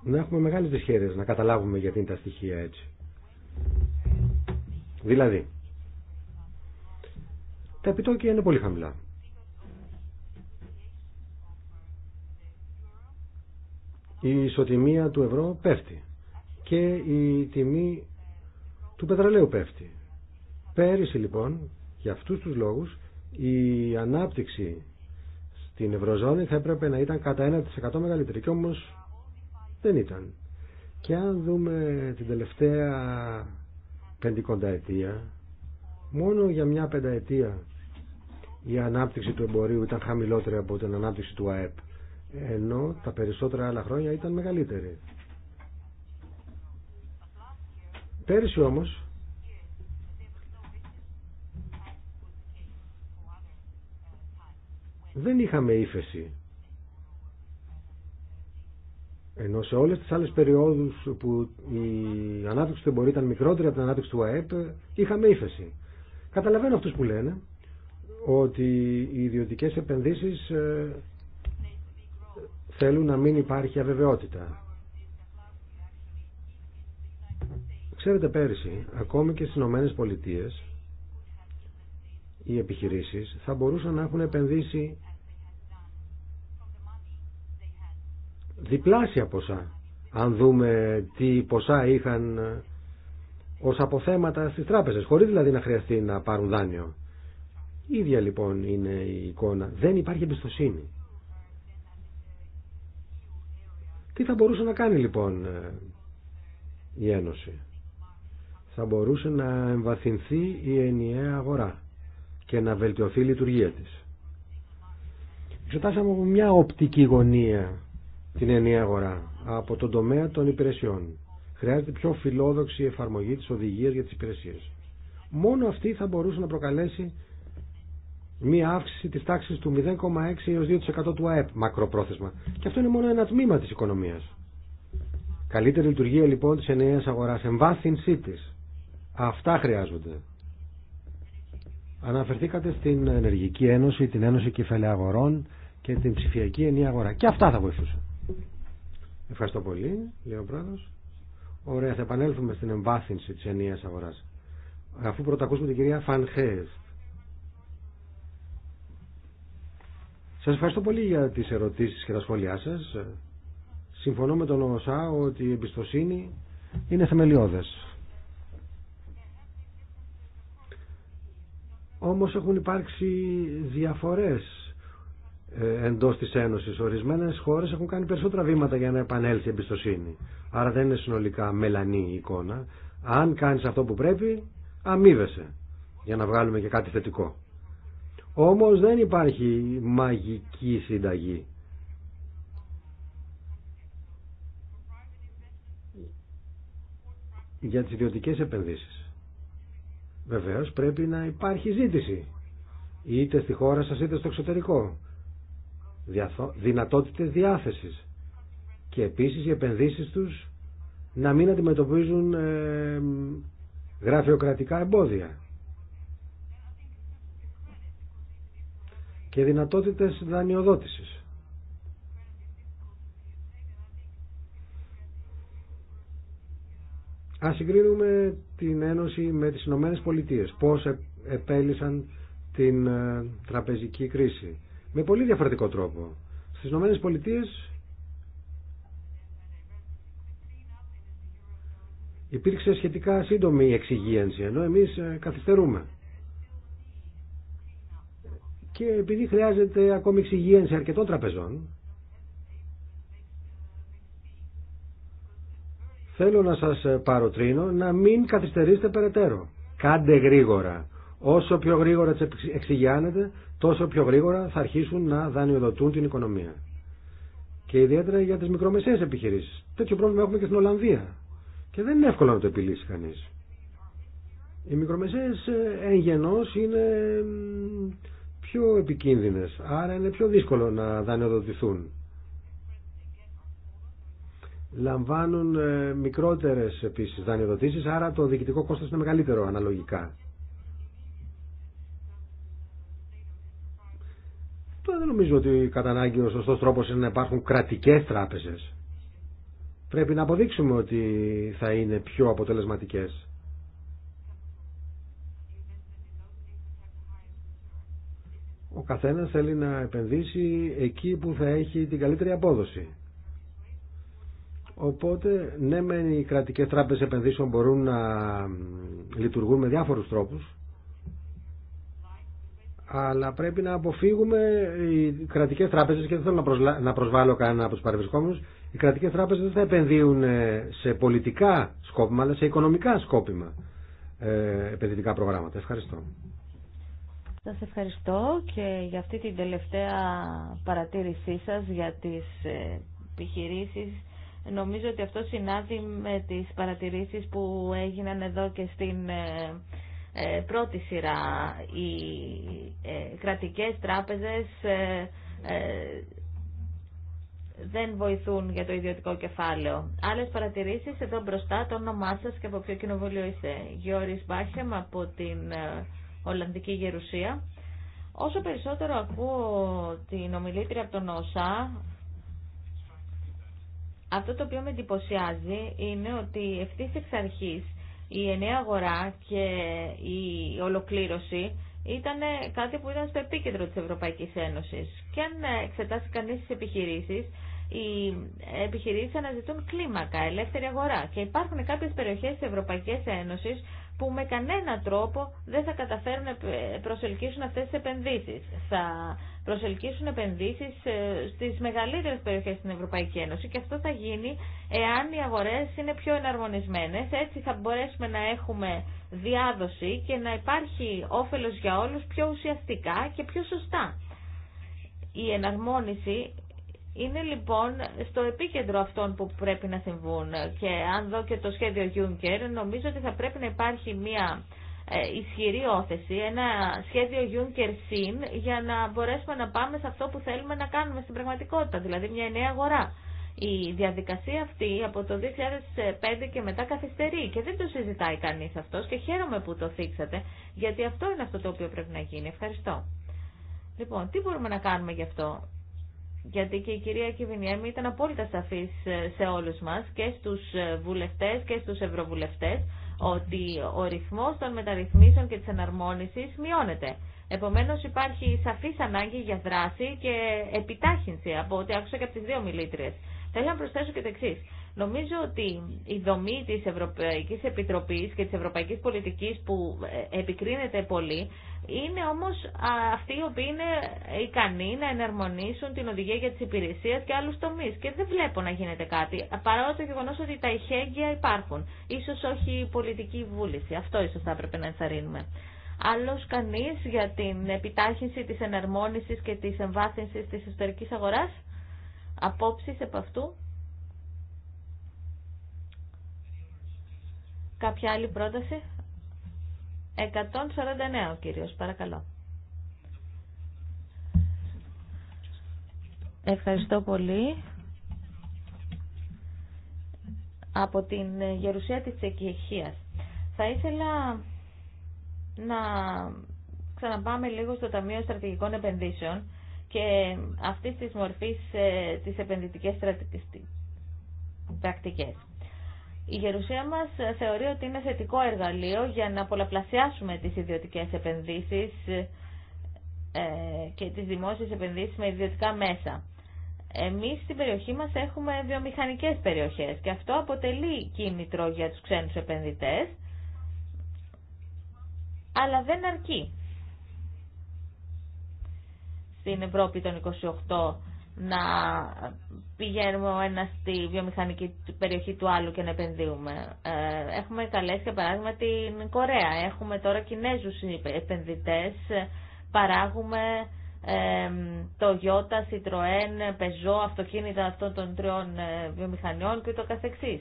να έχουμε μεγάλες δυσχέρειες να καταλάβουμε γιατί είναι τα στοιχεία έτσι. Δηλαδή, τα επιτόκια είναι πολύ χαμηλά. Η ισοτιμία του ευρώ πέφτει και η τιμή του πετρελαίου πέφτει. Πέρυσι λοιπόν, για αυτούς τους λόγους, η ανάπτυξη στην Ευρωζώνη θα έπρεπε να ήταν κατά 1% μεγαλύτερη και όμως δεν ήταν. Και αν δούμε την τελευταία πεντηκονταετία μόνο για μια πενταετία η ανάπτυξη του εμπορίου ήταν χαμηλότερη από την ανάπτυξη του ΑΕΠ ενώ τα περισσότερα άλλα χρόνια ήταν μεγαλύτερη. Πέρυσι όμως δεν είχαμε ύφεση ενώ σε όλες τις άλλες περιόδους που η ανάπτυξη του εμπορίου ήταν μικρότερη από την ανάπτυξη του ΑΕΠ, είχαμε ύφεση. Καταλαβαίνω αυτούς που λένε ότι οι ιδιωτικές επενδύσεις ε, θέλουν να μην υπάρχει αβεβαιότητα. Ξέρετε πέρυσι, ακόμη και στις Ηνωμένε Πολιτείε οι επιχειρήσεις θα μπορούσαν να έχουν επενδύσει διπλάσια ποσά αν δούμε τι ποσά είχαν ως αποθέματα στις τράπεζες χωρίς δηλαδή να χρειαστεί να πάρουν δάνειο ίδια λοιπόν είναι η εικόνα δεν υπάρχει εμπιστοσύνη τι θα μπορούσε να κάνει λοιπόν ε, η Ένωση θα μπορούσε να εμβαθυνθεί η ενιαία αγορά και να βελτιωθεί η λειτουργία της εξετάσαμε από μια οπτική γωνία την ενιαία αγορά από τον τομέα των υπηρεσιών. Χρειάζεται πιο φιλόδοξη εφαρμογή της οδηγίας για τις υπηρεσίες. Μόνο αυτή θα μπορούσε να προκαλέσει μία αύξηση της τάξης του 0,6 έως 2% του ΑΕΠ μακροπρόθεσμα. Και αυτό είναι μόνο ένα τμήμα τη οικονομίας. Καλύτερη λειτουργία λοιπόν της ενιαίας αγοράς, εμβάθυνσή τη. Αυτά χρειάζονται. Αναφερθήκατε στην Ενεργική Ένωση, την Ένωση Κεφαλαίων Αγορών και την ψηφιακή ενιαία αγορά. Και αυτά θα βοηθούσαν. Ευχαριστώ πολύ, λέει ο πρόεδρο. Ωραία, θα επανέλθουμε στην εμβάθυνση της ενιαία αγορά. Αφού πρώτα ακούσουμε την κυρία Χέστ. Σας ευχαριστώ πολύ για τις ερωτήσεις και τα σχόλιά σα. Συμφωνώ με τον Ωσα ότι η εμπιστοσύνη είναι θεμελιώδε. Όμως έχουν υπάρξει διαφορές ε, εντός τη Ένωση. Ορισμένες χώρε έχουν κάνει περισσότερα βήματα για να επανέλθει η εμπιστοσύνη. Άρα δεν είναι συνολικά μελανή η εικόνα. Αν κάνει αυτό που πρέπει, αμείβεσαι για να βγάλουμε και κάτι θετικό. Όμως δεν υπάρχει μαγική συνταγή. για τις ιδιωτικές επενδύσεις. Βεβαίως πρέπει να υπάρχει ζήτηση, είτε στη χώρα σας είτε στο εξωτερικό δυνατότητες διάθεσης και επίσης οι επενδύσεις τους να μην αντιμετωπίζουν ε, γραφειοκρατικά εμπόδια και δυνατότητες δανειοδότησης. Ας συγκρίνουμε την Ένωση με τις Ηνωμένε Πολιτείες, πώς επέλυσαν την ε, τραπεζική κρίση με πολύ διαφορετικό τρόπο. Στις Ηνωμένες Πολιτείες υπήρξε σχετικά σύντομη εξυγίανση, ενώ εμείς ε, καθυστερούμε. Και επειδή χρειάζεται ακόμη εξυγίανση αρκετών τραπεζών, θέλω να σας παροτρύνω να μην καθυστερήσετε περαιτέρω. Κάντε γρήγορα. Όσο πιο γρήγορα τις εξηγιάνεται, τόσο πιο γρήγορα θα αρχίσουν να δανειοδοτούν την οικονομία. Και ιδιαίτερα για τις μικρομεσαίες επιχειρήσεις Τέτοιο πρόβλημα έχουμε και στην Ολλανδία. Και δεν είναι εύκολο να το επιλύσει κανείς Οι μικρομεσαίες ε, εν γενός είναι πιο επικίνδυνες Άρα είναι πιο δύσκολο να δανειοδοτηθούν. Λαμβάνουν ε, μικρότερες επίση δανειοδοτήσεις άρα το διοικητικό κόστος είναι μεγαλύτερο αναλογικά. νομίζω ότι κατά ανάγκη ο σωστό τρόπος είναι να υπάρχουν κρατικές τράπεζες. Πρέπει να αποδείξουμε ότι θα είναι πιο αποτελεσματικές. Ο καθένας θέλει να επενδύσει εκεί που θα έχει την καλύτερη απόδοση. Οπότε, ναι μεν οι κρατικές τράπεζες επενδύσεων μπορούν να λειτουργούν με διάφορους τρόπους, αλλά πρέπει να αποφύγουμε οι κρατικές τράπεζες και δεν θέλω να, προσβάλλω κανένα από τους παρευρισκόμενους οι κρατικές τράπεζες δεν θα επενδύουν ε, σε πολιτικά σκόπιμα αλλά σε οικονομικά σκόπιμα ε, επενδυτικά προγράμματα. Ευχαριστώ. Σας ευχαριστώ και για αυτή την τελευταία παρατήρησή σας για τις ε, επιχειρήσεις. Νομίζω ότι αυτό συνάδει με τις παρατηρήσεις που έγιναν εδώ και στην ε, ε, πρώτη σειρά οι ε, κρατικές τράπεζες ε, δεν βοηθούν για το ιδιωτικό κεφάλαιο. Άλλες παρατηρήσεις εδώ μπροστά το όνομά σας και από ποιο κοινοβούλιο είστε. Γιώρης Μπάχεμ από την Ολλανδική Γερουσία. Όσο περισσότερο ακούω την ομιλήτρια από τον ΩΣΑ, αυτό το οποίο με εντυπωσιάζει είναι ότι ευθύς εξ αρχής η ενιαία αγορά και η ολοκλήρωση ήταν κάτι που ήταν στο επίκεντρο της Ευρωπαϊκής Ένωσης. Και αν εξετάσει κανείς τις επιχειρήσεις, οι επιχειρήσεις αναζητούν κλίμακα, ελεύθερη αγορά. Και υπάρχουν κάποιες περιοχές της Ευρωπαϊκής Ένωσης που με κανένα τρόπο δεν θα καταφέρουν να προσελκύσουν αυτές τις επενδύσεις. Θα προσελκύσουν επενδύσεις ε, στις μεγαλύτερες περιοχές στην Ευρωπαϊκή Ένωση και αυτό θα γίνει εάν οι αγορές είναι πιο εναρμονισμένες. Έτσι θα μπορέσουμε να έχουμε διάδοση και να υπάρχει όφελος για όλους πιο ουσιαστικά και πιο σωστά. Η εναρμόνιση είναι λοιπόν στο επίκεντρο αυτών που πρέπει να συμβούν και αν δω και το σχέδιο Juncker νομίζω ότι θα πρέπει να υπάρχει μια ε, ισχυρή όθεση, ένα σχέδιο Juncker Sin για να μπορέσουμε να πάμε σε αυτό που θέλουμε να κάνουμε στην πραγματικότητα, δηλαδή μια νέα αγορά. Η διαδικασία αυτή από το 2005 και μετά καθυστερεί και δεν το συζητάει κανείς αυτός και χαίρομαι που το θίξατε γιατί αυτό είναι αυτό το οποίο πρέπει να γίνει. Ευχαριστώ. Λοιπόν, τι μπορούμε να κάνουμε γι' αυτό γιατί και η κυρία Κιβινιέμι ήταν απόλυτα σαφής ε, σε όλους μας και στους ε, βουλευτές και στους ευρωβουλευτές ότι ο ρυθμός των μεταρρυθμίσεων και της εναρμόνισης μειώνεται. Επομένως υπάρχει σαφής ανάγκη για δράση και επιτάχυνση από ό,τι άκουσα και από τις δύο μιλήτριες. Θέλω να προσθέσω και το εξή. Νομίζω ότι η δομή της Ευρωπαϊκής Επιτροπής και της Ευρωπαϊκής Πολιτικής που ε, επικρίνεται πολύ είναι όμως αυτοί οι οποίοι είναι ικανοί να εναρμονίσουν την οδηγία για τις υπηρεσίε και άλλους τομείς και δεν βλέπω να γίνεται κάτι παρά το γεγονό ότι τα ηχέγγυα υπάρχουν. Ίσως όχι η πολιτική βούληση. Αυτό ίσως θα έπρεπε να ενθαρρύνουμε. Άλλος κανεί για την επιτάχυνση της εναρμόνισης και τη εμβάθυνση τη εσωτερική αγορά. Απόψεις επ' αυτού. Κάποια άλλη πρόταση. 149 ο κύριος, παρακαλώ. Ευχαριστώ πολύ. Από την Γερουσία της Τσεκιεχίας. Θα ήθελα να ξαναπάμε λίγο στο Ταμείο Στρατηγικών Επενδύσεων και αυτή της μορφής ε, της επενδυτικής επενδυτικές η γερουσία μα ε, θεωρεί ότι είναι θετικό εργαλείο για να πολλαπλασιάσουμε τις ιδιωτικές επενδύσεις ε, ε, και τις δημόσιες επενδύσεις με ιδιωτικά μέσα. Εμείς στην περιοχή μας έχουμε βιομηχανικέ περιοχές και αυτό αποτελεί κίνητρο για τους ξένους επενδυτές, αλλά δεν αρκεί. Στην Ευρώπη των 28 να πηγαίνουμε ένα στη βιομηχανική περιοχή του άλλου και να επενδύουμε. Ε, έχουμε καλέσει για παράδειγμα την Κορέα. Έχουμε τώρα Κινέζους επενδυτές. Παράγουμε το ε, Ιώτα, Citroën, Peugeot, αυτοκίνητα αυτών των τριών ε, βιομηχανιών και το καθεξής.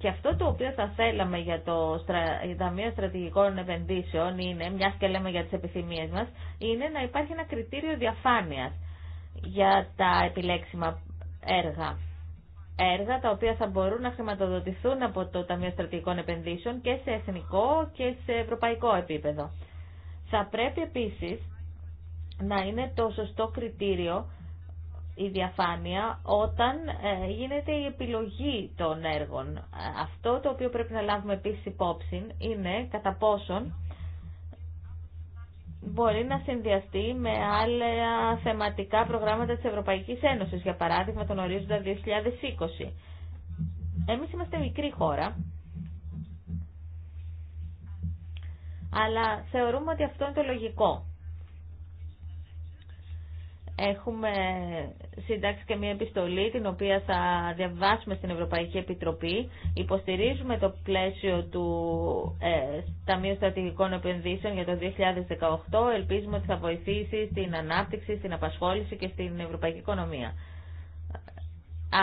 και αυτό το οποίο θα θέλαμε για το Ταμείο Στρατηγικών Επενδύσεων είναι, μιας και λέμε για τις επιθυμίες μας, είναι να υπάρχει ένα κριτήριο διαφάνειας για τα επιλέξιμα έργα. Έργα τα οποία θα μπορούν να χρηματοδοτηθούν από το Ταμείο Στρατηγικών Επενδύσεων και σε εθνικό και σε ευρωπαϊκό επίπεδο. Θα πρέπει επίσης να είναι το σωστό κριτήριο η διαφάνεια όταν ε, γίνεται η επιλογή των έργων. Ε, αυτό το οποίο πρέπει να λάβουμε επίσης υπόψη είναι κατά πόσον μπορεί να συνδυαστεί με άλλα θεματικά προγράμματα της Ευρωπαϊκής Ένωσης, για παράδειγμα τον ορίζοντα 2020. Εμείς είμαστε μικρή χώρα, αλλά θεωρούμε ότι αυτό είναι το λογικό έχουμε συντάξει και μια επιστολή την οποία θα διαβάσουμε στην Ευρωπαϊκή Επιτροπή. Υποστηρίζουμε το πλαίσιο του ε, Ταμείου Στρατηγικών Επενδύσεων για το 2018. Ελπίζουμε ότι θα βοηθήσει στην ανάπτυξη, στην απασχόληση και στην ευρωπαϊκή οικονομία.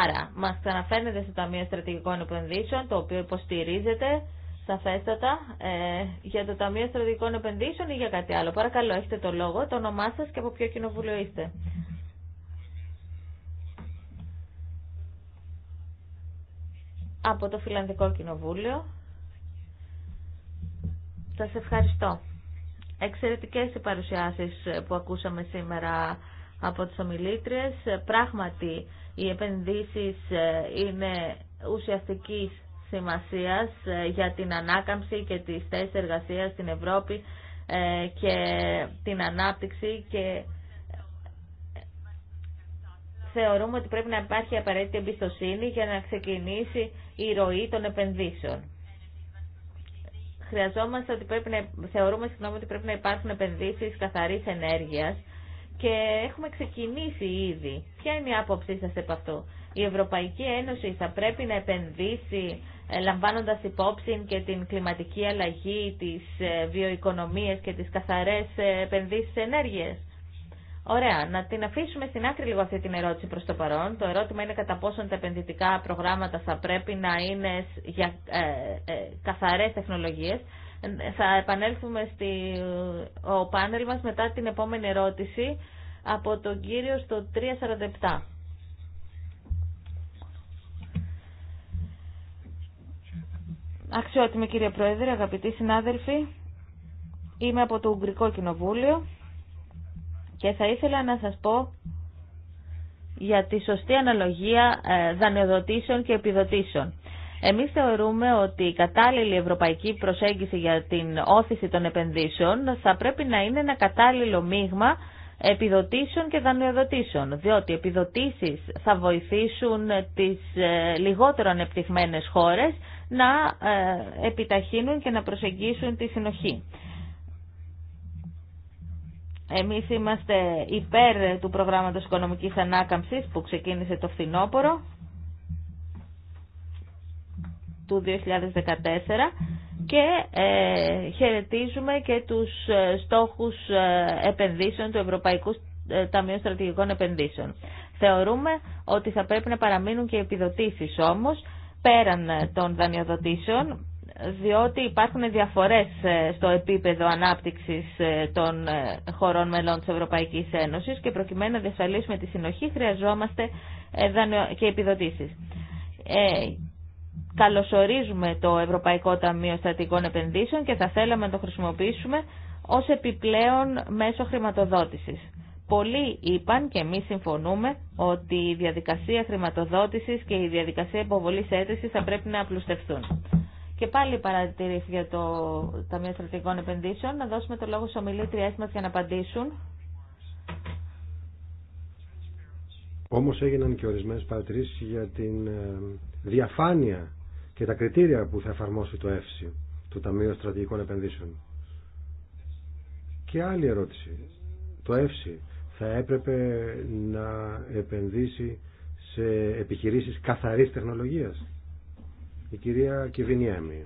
Άρα, μας ξαναφέρνετε στο Ταμείο Στρατηγικών Επενδύσεων, το οποίο υποστηρίζεται Σαφέστατα, ε, για το Ταμείο Στρατηγικών Επενδύσεων ή για κάτι άλλο. Παρακαλώ, έχετε το λόγο, το όνομά σας και από ποιο κοινοβούλιο είστε. Από το Φιλανδικό Κοινοβούλιο. Σας ευχαριστώ. Εξαιρετικές οι παρουσιάσεις που ακούσαμε σήμερα από τις ομιλήτριες. Πράγματι, οι επενδύσεις ε, είναι ουσιαστικής ε, για την ανάκαμψη και τις θέσεις εργασίας στην Ευρώπη ε, και την ανάπτυξη και ε, θεωρούμε ότι πρέπει να υπάρχει απαραίτητη εμπιστοσύνη για να ξεκινήσει η ροή των επενδύσεων. Χρειαζόμαστε ότι πρέπει να, θεωρούμε συγγνώμη, ότι πρέπει να υπάρχουν επενδύσεις καθαρής ενέργειας και έχουμε ξεκινήσει ήδη. Ποια είναι η άποψή σας επ' αυτού. Η Ευρωπαϊκή Ένωση θα πρέπει να επενδύσει ε, λαμβάνοντας υπόψη και την κλιματική αλλαγή, τις ε, βιοοικονομίες και τις καθαρές ε, επενδύσεις ενέργειες. Ωραία, να την αφήσουμε στην άκρη λίγο αυτή την ερώτηση προς το παρόν. Το ερώτημα είναι κατά πόσον τα επενδυτικά προγράμματα θα πρέπει να είναι για ε, καθαρές τεχνολογίες. Θα επανέλθουμε στο πάνελ μας μετά την επόμενη ερώτηση από τον κύριο στο 347. Αξιότιμη κύριε Πρόεδρε, αγαπητοί συνάδελφοι, είμαι από το Ουγγρικό Κοινοβούλιο και θα ήθελα να σας πω για τη σωστή αναλογία ε, δανειοδοτήσεων και επιδοτήσεων. Εμείς θεωρούμε ότι η κατάλληλη ευρωπαϊκή προσέγγιση για την όθηση των επενδύσεων θα πρέπει να είναι ένα κατάλληλο μείγμα επιδοτήσεων και δανειοδοτήσεων, διότι επιδοτήσεις θα βοηθήσουν τις ε, λιγότερο ανεπτυγμένες χώρες να ε, επιταχύνουν και να προσεγγίσουν τη συνοχή. Εμείς είμαστε υπέρ του προγράμματος οικονομικής ανάκαμψης που ξεκίνησε το φθινόπωρο του 2014 και ε, χαιρετίζουμε και τους ε, στόχους επενδύσεων του Ευρωπαϊκού Ταμείου Στρατηγικών Επενδύσεων. Θεωρούμε ότι θα πρέπει να παραμείνουν και επιδοτήσεις όμως πέραν ε, των δανειοδοτήσεων, διότι υπάρχουν διαφορές ε, στο επίπεδο ανάπτυξης ε, των χωρών μελών της Ευρωπαϊκής Ένωσης και προκειμένου να διασφαλίσουμε τη συνοχή χρειαζόμαστε και επιδοτήσεις. Ε, καλωσορίζουμε το Ευρωπαϊκό Ταμείο Στατικών Επενδύσεων και θα θέλαμε να το χρησιμοποιήσουμε ως επιπλέον μέσο χρηματοδότησης. Πολλοί είπαν και εμεί συμφωνούμε ότι η διαδικασία χρηματοδότηση και η διαδικασία υποβολή αίτησης θα πρέπει να απλουστευτούν. Και πάλι παρατηρήθηκε για το Ταμείο Στρατηγικών Επενδύσεων. Να δώσουμε το λόγο στου ομιλήτριέ μας για να απαντήσουν. Όμως έγιναν και ορισμένε παρατηρήσεις για την ε, διαφάνεια και τα κριτήρια που θα εφαρμόσει το ΕΦΣΥ, το Ταμείο Στρατηγικών Επενδύσεων. Και άλλη ερώτηση. Το ΕΦΣΥ θα έπρεπε να επενδύσει σε επιχειρήσεις καθαρής τεχνολογίας. Η κυρία Κιβινιέμι.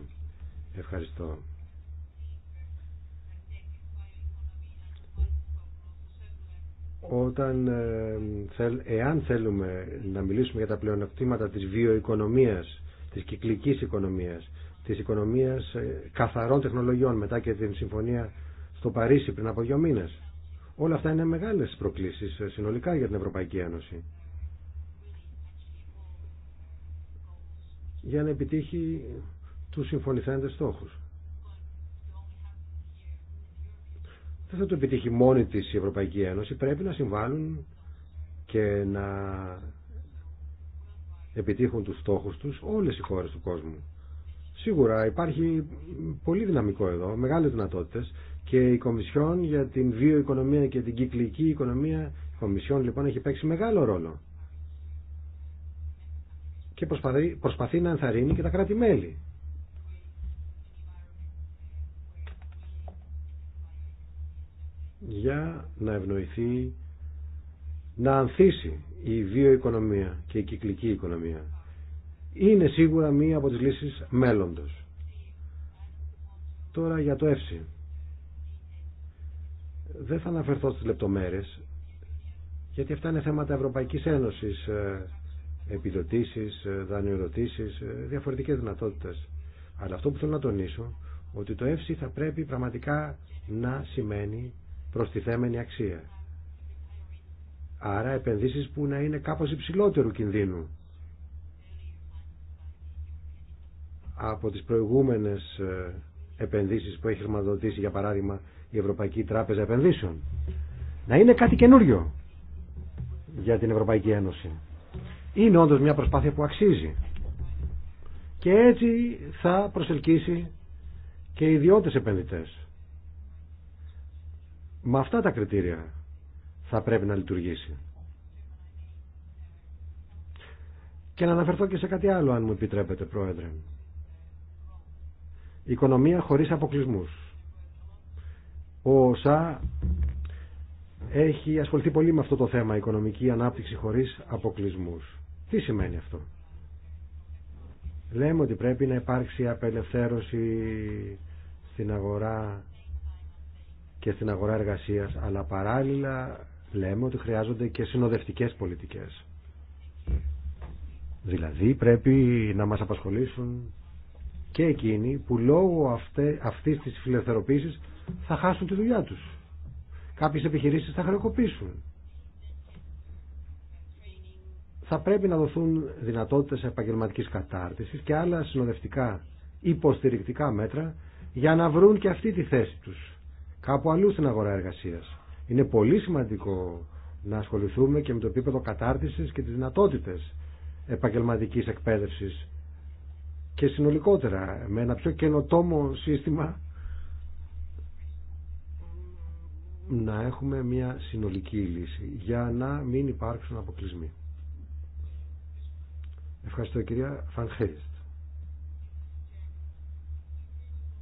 Ευχαριστώ. Όταν, ε, εάν θέλουμε να μιλήσουμε για τα πλεονεκτήματα της βιοοικονομίας, της κυκλικής οικονομίας, της οικονομίας ε, καθαρών τεχνολογιών μετά και την συμφωνία στο Παρίσι πριν από δύο μήνες, Όλα αυτά είναι μεγάλες προκλήσεις ε, συνολικά για την Ευρωπαϊκή Ένωση. Για να επιτύχει τους συμφωνηθέντες στόχους. Δεν θα το επιτύχει μόνη της η Ευρωπαϊκή Ένωση. Πρέπει να συμβάλλουν και να επιτύχουν τους στόχους τους όλες οι χώρες του κόσμου. Σίγουρα υπάρχει πολύ δυναμικό εδώ, μεγάλες δυνατότητες και η Κομισιόν για την βιοοικονομία και την κυκλική οικονομία. Η Κομισιόν λοιπόν έχει παίξει μεγάλο ρόλο και προσπαθεί, να ενθαρρύνει και τα κράτη-μέλη. για να ευνοηθεί, να ανθίσει η βιοοικονομία και η κυκλική οικονομία. Είναι σίγουρα μία από τις λύσεις μέλλοντος. Τώρα για το ΕΦΣΙ δεν θα αναφερθώ στις λεπτομέρειες, γιατί αυτά είναι θέματα Ευρωπαϊκής Ένωσης, ε, επιδοτήσεις, ε, δανειοδοτήσεις, ε, διαφορετικές δυνατότητες. Αλλά αυτό που θέλω να τονίσω, ότι το ΕΦΣΙ θα πρέπει πραγματικά να σημαίνει προστιθέμενη αξία. Άρα επενδύσεις που να είναι κάπως υψηλότερου κινδύνου από τις προηγούμενες επενδύσεις που έχει χρηματοδοτήσει για παράδειγμα η Ευρωπαϊκή Τράπεζα Επενδύσεων. Να είναι κάτι καινούριο για την Ευρωπαϊκή Ένωση. Είναι όντως μια προσπάθεια που αξίζει. Και έτσι θα προσελκύσει και ιδιώτες επενδυτές. Με αυτά τα κριτήρια θα πρέπει να λειτουργήσει. Και να αναφερθώ και σε κάτι άλλο, αν μου επιτρέπετε, Πρόεδρε. οικονομία χωρίς αποκλεισμούς. Ο ΩΣΑ έχει ασχοληθεί πολύ με αυτό το θέμα, οικονομική ανάπτυξη χωρίς αποκλεισμούς. Τι σημαίνει αυτό. Λέμε ότι πρέπει να υπάρξει απελευθέρωση στην αγορά και στην αγορά εργασίας, αλλά παράλληλα λέμε ότι χρειάζονται και συνοδευτικές πολιτικές. Δηλαδή πρέπει να μας απασχολήσουν και εκείνοι που λόγω αυτής της φιλελευθεροποίησης θα χάσουν τη δουλειά τους. Κάποιες επιχειρήσεις θα χρεοκοπήσουν. Θα πρέπει να δοθούν δυνατότητες επαγγελματικής κατάρτισης και άλλα συνοδευτικά υποστηρικτικά μέτρα για να βρουν και αυτή τη θέση τους κάπου αλλού στην αγορά εργασίας. Είναι πολύ σημαντικό να ασχοληθούμε και με το επίπεδο κατάρτισης και τις δυνατότητες επαγγελματικής εκπαίδευσης και συνολικότερα με ένα πιο καινοτόμο σύστημα να έχουμε μια συνολική λύση για να μην υπάρξουν αποκλεισμοί. Ευχαριστώ κυρία Φανχέριστ.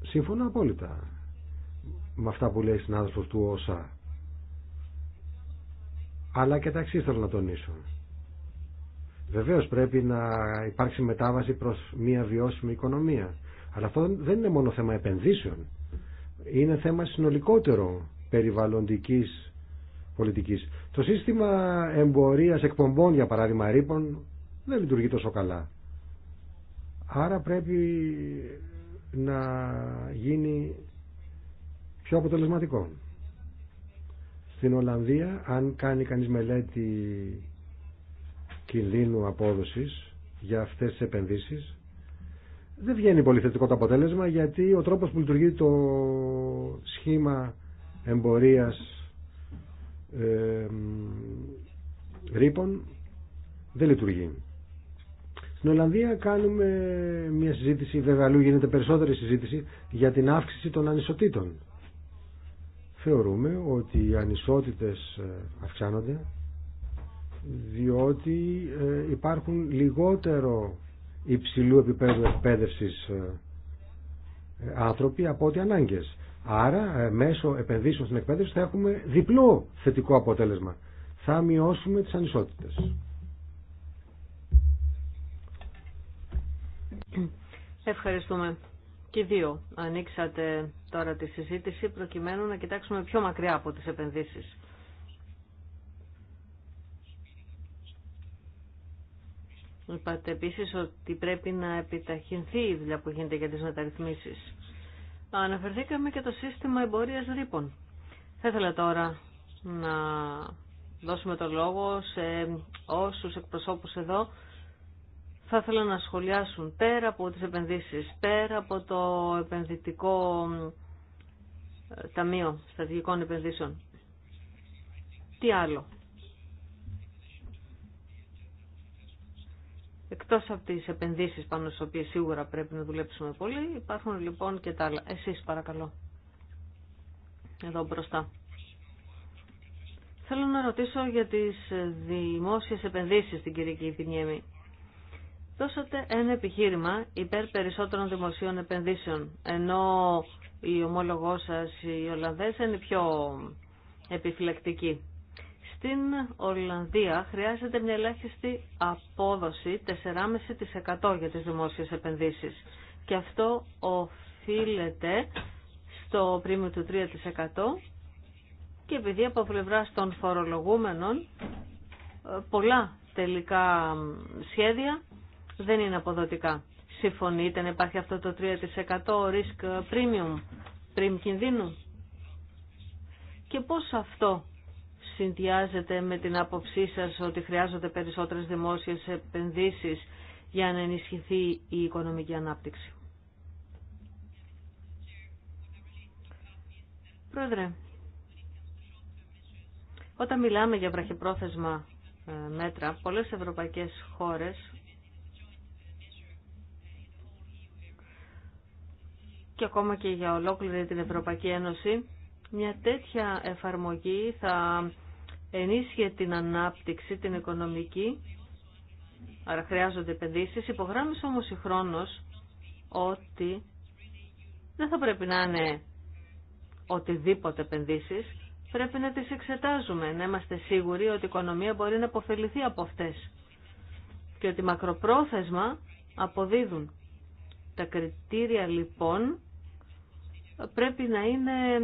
Σύμφωνα απόλυτα με αυτά που λέει συνάδελφος του ΩΣΑ. Αλλά και τα εξής θέλω να τονίσω. Βεβαίως πρέπει να υπάρξει μετάβαση προς μια βιώσιμη οικονομία. Αλλά αυτό δεν είναι μόνο θέμα επενδύσεων. Είναι θέμα συνολικότερο περιβαλλοντικής πολιτικής. Το σύστημα εμπορίας εκπομπών, για παράδειγμα ρήπων, δεν λειτουργεί τόσο καλά. Άρα πρέπει να γίνει πιο αποτελεσματικό. Στην Ολλανδία, αν κάνει κανείς μελέτη κινδύνου απόδοσης για αυτές τις επενδύσεις, δεν βγαίνει πολύ θετικό το αποτέλεσμα γιατί ο τρόπος που λειτουργεί το σχήμα εμπορίας ε, ρήπων δεν λειτουργεί. Στην Ολλανδία κάνουμε μια συζήτηση, βέβαια αλλού γίνεται περισσότερη συζήτηση, για την αύξηση των ανισοτήτων. Θεωρούμε ότι οι ανισότητες ε, αυξάνονται διότι ε, υπάρχουν λιγότερο υψηλού επίπεδου εκπαίδευση ε, άνθρωποι από ό,τι ανάγκες. Άρα, ε, μέσω επενδύσεων στην εκπαίδευση θα έχουμε διπλό θετικό αποτέλεσμα. Θα μειώσουμε τις ανισότητες. Ευχαριστούμε. Και δύο. Ανοίξατε τώρα τη συζήτηση προκειμένου να κοιτάξουμε πιο μακριά από τις επενδύσεις. Είπατε επίσης ότι πρέπει να επιταχυνθεί η δουλειά που γίνεται για τις μεταρρυθμίσεις. Αναφερθήκαμε και το σύστημα εμπορίας ρήπων. Θα ήθελα τώρα να δώσουμε το λόγο σε όσους εκπροσώπους εδώ θα ήθελα να σχολιάσουν πέρα από τις επενδύσεις, πέρα από το επενδυτικό ε, ταμείο στρατηγικών επενδύσεων. Τι άλλο. Εκτός από τις επενδύσεις πάνω στις οποίες σίγουρα πρέπει να δουλέψουμε πολύ, υπάρχουν λοιπόν και τα άλλα. Εσείς παρακαλώ. Εδώ μπροστά. Θέλω να ρωτήσω για τις δημόσιες επενδύσεις στην κυρία Κιβινιέμη. Δώσατε ένα επιχείρημα υπέρ περισσότερων δημοσίων επενδύσεων, ενώ η ομόλογό σας η Ολλανδές, είναι πιο επιφυλακτική. Στην Ολλανδία χρειάζεται μια ελάχιστη απόδοση 4,5% για τις δημόσιες επενδύσεις. Και αυτό οφείλεται στο πρίμιο του 3% και επειδή από πλευρά των φορολογούμενων ε, πολλά τελικά σχέδια δεν είναι αποδοτικά. Συμφωνείτε να υπάρχει αυτό το 3% risk premium, πριν κινδύνου. Και πώς αυτό συνδυάζεται με την άποψή σας ότι χρειάζονται περισσότερες δημόσιες επενδύσεις για να ενισχυθεί η οικονομική ανάπτυξη. Πρόεδρε, όταν μιλάμε για βραχυπρόθεσμα ε, μέτρα, πολλές ευρωπαϊκές χώρες και ακόμα και για ολόκληρη την Ευρωπαϊκή Ένωση, μια τέτοια εφαρμογή θα ενίσχυε την ανάπτυξη, την οικονομική, άρα χρειάζονται επενδύσεις. Υπογράμμισε όμως χρόνο ότι δεν θα πρέπει να είναι οτιδήποτε επενδύσει, πρέπει να τις εξετάζουμε, να είμαστε σίγουροι ότι η οικονομία μπορεί να αποφεληθεί από αυτές και ότι μακροπρόθεσμα αποδίδουν. Τα κριτήρια λοιπόν πρέπει να είναι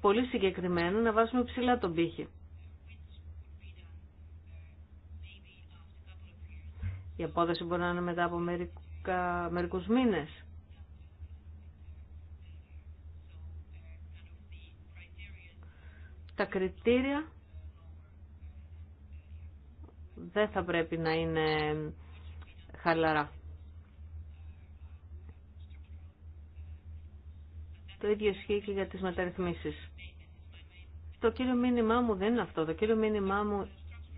πολύ συγκεκριμένα, να βάζουμε ψηλά τον πύχη. Η απόδοση μπορεί να είναι μετά από μερικά, μερικούς μήνες. Τα κριτήρια δεν θα πρέπει να είναι χαλαρά. Το ίδιο ισχύει και για τις μεταρρυθμίσεις. Το κύριο μήνυμά μου δεν είναι αυτό. Το κύριο μήνυμά μου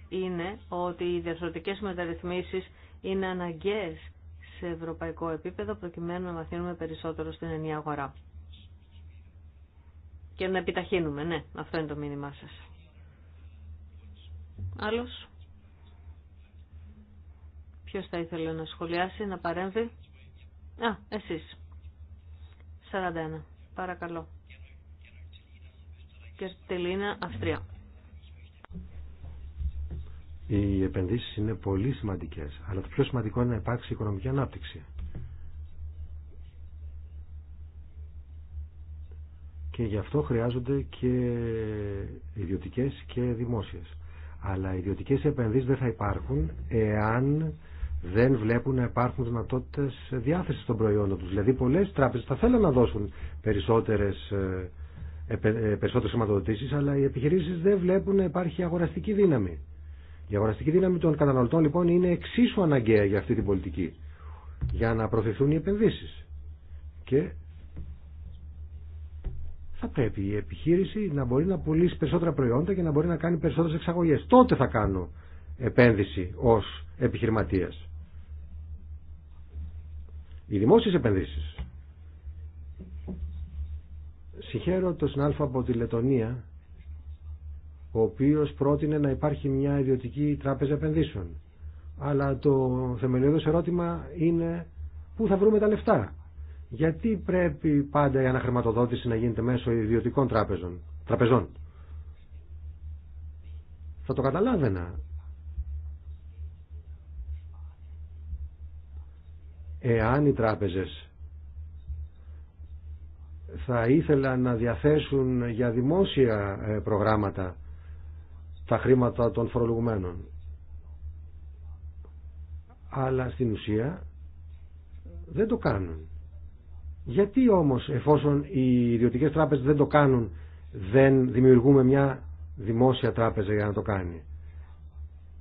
είναι ότι οι διαρθρωτικές μεταρρυθμίσεις είναι αναγκαίες σε ευρωπαϊκό επίπεδο προκειμένου να μαθαίνουμε περισσότερο στην ενιαία αγορά. Και να επιταχύνουμε, ναι, αυτό είναι το μήνυμά σας. Άλλος. Ποιος θα ήθελε να σχολιάσει, να παρέμβει. Α, εσείς. 41. Παρακαλώ. Κερτελίνα, Αυστρία. Οι επενδύσεις είναι πολύ σημαντικές, αλλά το πιο σημαντικό είναι να υπάρξει οικονομική ανάπτυξη. Και γι' αυτό χρειάζονται και ιδιωτικές και δημόσιες. Αλλά οι ιδιωτικές επενδύσεις δεν θα υπάρχουν εάν δεν βλέπουν να υπάρχουν δυνατότητε διάθεσης των προϊόντων τους. Δηλαδή, πολλές τράπεζες θα θέλουν να δώσουν περισσότερε περισσότερες ε, ε, χρηματοδοτήσει, αλλά οι επιχειρήσεις δεν βλέπουν να υπάρχει αγοραστική δύναμη. Η αγοραστική δύναμη των καταναλωτών λοιπόν είναι εξίσου αναγκαία για αυτή την πολιτική για να προωθηθούν οι επενδύσεις και θα πρέπει η επιχείρηση να μπορεί να πουλήσει περισσότερα προϊόντα και να μπορεί να κάνει περισσότερες εξαγωγές. Τότε θα κάνω επένδυση ως επιχειρηματίας. Οι δημόσιες επενδύσεις. Συγχαίρω τον συνάλφα από τη Λετωνία ο οποίος πρότεινε να υπάρχει μια ιδιωτική τράπεζα επενδύσεων. Αλλά το θεμελιώδες ερώτημα είναι πού θα βρούμε τα λεφτά. Γιατί πρέπει πάντα η αναχρηματοδότηση να γίνεται μέσω ιδιωτικών τράπεζων, τραπεζών. Θα το καταλάβαινα. Εάν οι τράπεζες θα ήθελαν να διαθέσουν για δημόσια ε, προγράμματα τα χρήματα των φορολογουμένων. Αλλά στην ουσία δεν το κάνουν. Γιατί όμως εφόσον οι ιδιωτικές τράπεζες δεν το κάνουν δεν δημιουργούμε μια δημόσια τράπεζα για να το κάνει.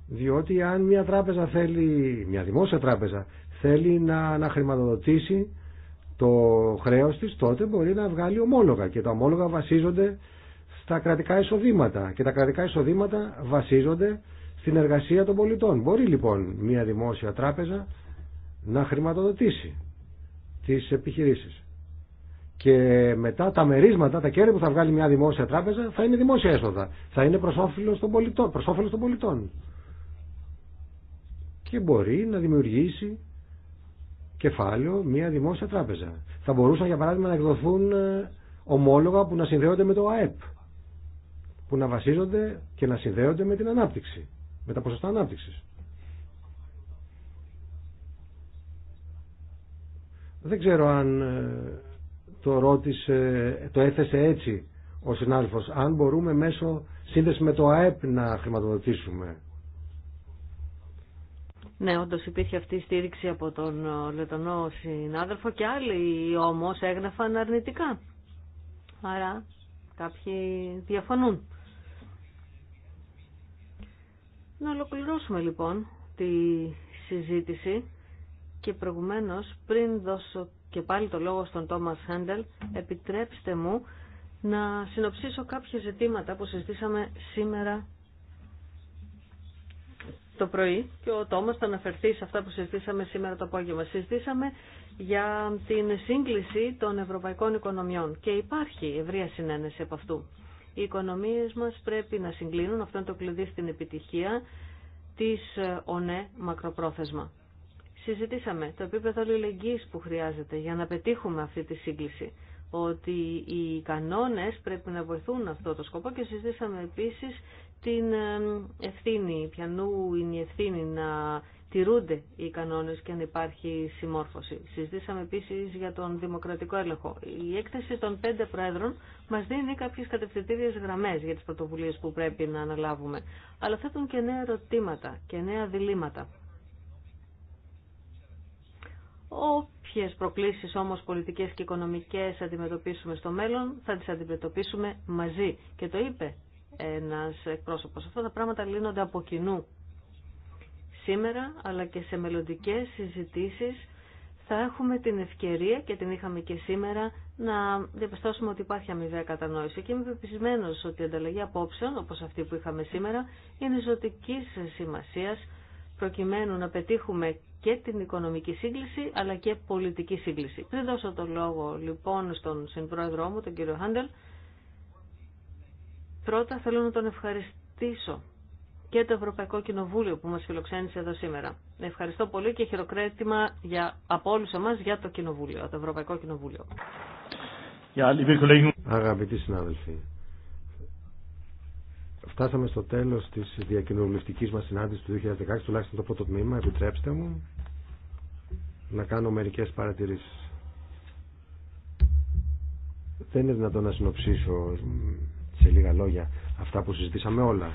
Διότι αν μια τράπεζα θέλει, μια δημόσια τράπεζα θέλει να, να χρηματοδοτήσει το χρέος της τότε μπορεί να βγάλει ομόλογα και τα ομόλογα βασίζονται τα κρατικά εισοδήματα και τα κρατικά εισοδήματα βασίζονται στην εργασία των πολιτών. Μπορεί λοιπόν μια δημόσια τράπεζα να χρηματοδοτήσει τις επιχειρήσεις και μετά τα μερίσματα, τα κέρδη που θα βγάλει μια δημόσια τράπεζα θα είναι δημόσια έσοδα. Θα είναι προς όφελος των πολιτών. Προς όφελος των πολιτών. Και μπορεί να δημιουργήσει κεφάλαιο μια δημόσια τράπεζα. Θα μπορούσαν για παράδειγμα να εκδοθούν ε, ομόλογα που να συνδέονται με το ΑΕΠ που να βασίζονται και να συνδέονται με την ανάπτυξη, με τα ποσοστά ανάπτυξης. Δεν ξέρω αν ε, το ρώτησε, το έθεσε έτσι ο συνάδελφος, αν μπορούμε μέσω σύνδεση με το ΑΕΠ να χρηματοδοτήσουμε. Ναι, όντω υπήρχε αυτή η στήριξη από τον ε, Λετωνό συνάδελφο και άλλοι όμως έγραφαν αρνητικά. Άρα κάποιοι διαφωνούν. Να ολοκληρώσουμε λοιπόν τη συζήτηση και προηγουμένως πριν δώσω και πάλι το λόγο στον Τόμας Χέντελ επιτρέψτε μου να συνοψίσω κάποια ζητήματα που συζητήσαμε σήμερα το πρωί και ο Τόμας θα αναφερθεί σε αυτά που συζητήσαμε σήμερα το απόγευμα. Συζητήσαμε για την σύγκληση των ευρωπαϊκών οικονομιών και υπάρχει ευρεία συνένεση από αυτού. Οι οικονομίες μας πρέπει να συγκλίνουν, αυτό είναι το κλειδί στην επιτυχία της ε, ΟΝΕ μακροπρόθεσμα. Συζητήσαμε το επίπεδο αλληλεγγύης που χρειάζεται για να πετύχουμε αυτή τη σύγκληση ότι οι κανόνες πρέπει να βοηθούν αυτό το σκοπό και συζητήσαμε επίσης την ευθύνη, πιανού είναι η ευθύνη να τηρούνται οι κανόνες και αν υπάρχει συμμόρφωση. Συζητήσαμε επίσης για τον δημοκρατικό έλεγχο. Η έκθεση των πέντε πρόεδρων μας δίνει κάποιες κατευθυντήριες γραμμές για τις πρωτοβουλίες που πρέπει να αναλάβουμε. Αλλά θέτουν και νέα ερωτήματα και νέα διλήμματα. Όποιε προκλήσεις όμως πολιτικές και οικονομικές αντιμετωπίσουμε στο μέλλον, θα τις αντιμετωπίσουμε μαζί. Και το είπε ένας εκπρόσωπος. Αυτά τα πράγματα λύνονται από κοινού. Σήμερα αλλά και σε μελλοντικέ συζητήσεις θα έχουμε την ευκαιρία και την είχαμε και σήμερα να διαπιστώσουμε ότι υπάρχει αμοιβαία κατανόηση. Και είμαι πεπισμένο ότι η ανταλλαγή απόψεων, όπω αυτή που είχαμε σήμερα, είναι ζωτική σημασία προκειμένου να πετύχουμε και την οικονομική σύγκληση αλλά και πολιτική σύγκληση. Πριν δώσω το λόγο λοιπόν στον συμπρόεδρό μου, τον κύριο Χάντελ, Πρώτα θέλω να τον ευχαριστήσω και το Ευρωπαϊκό Κοινοβούλιο που μας φιλοξένησε εδώ σήμερα. Ευχαριστώ πολύ και χειροκρέτημα για, από όλους εμάς για το Κοινοβούλιο, το Ευρωπαϊκό Κοινοβούλιο. Αγαπητοί συνάδελφοι, φτάσαμε στο τέλος της διακοινοβουλευτικής μας συνάντησης του 2016, τουλάχιστον το πρώτο τμήμα, επιτρέψτε μου να κάνω μερικές παρατηρήσεις. Δεν είναι δυνατόν να συνοψίσω σε λίγα λόγια αυτά που συζητήσαμε όλα.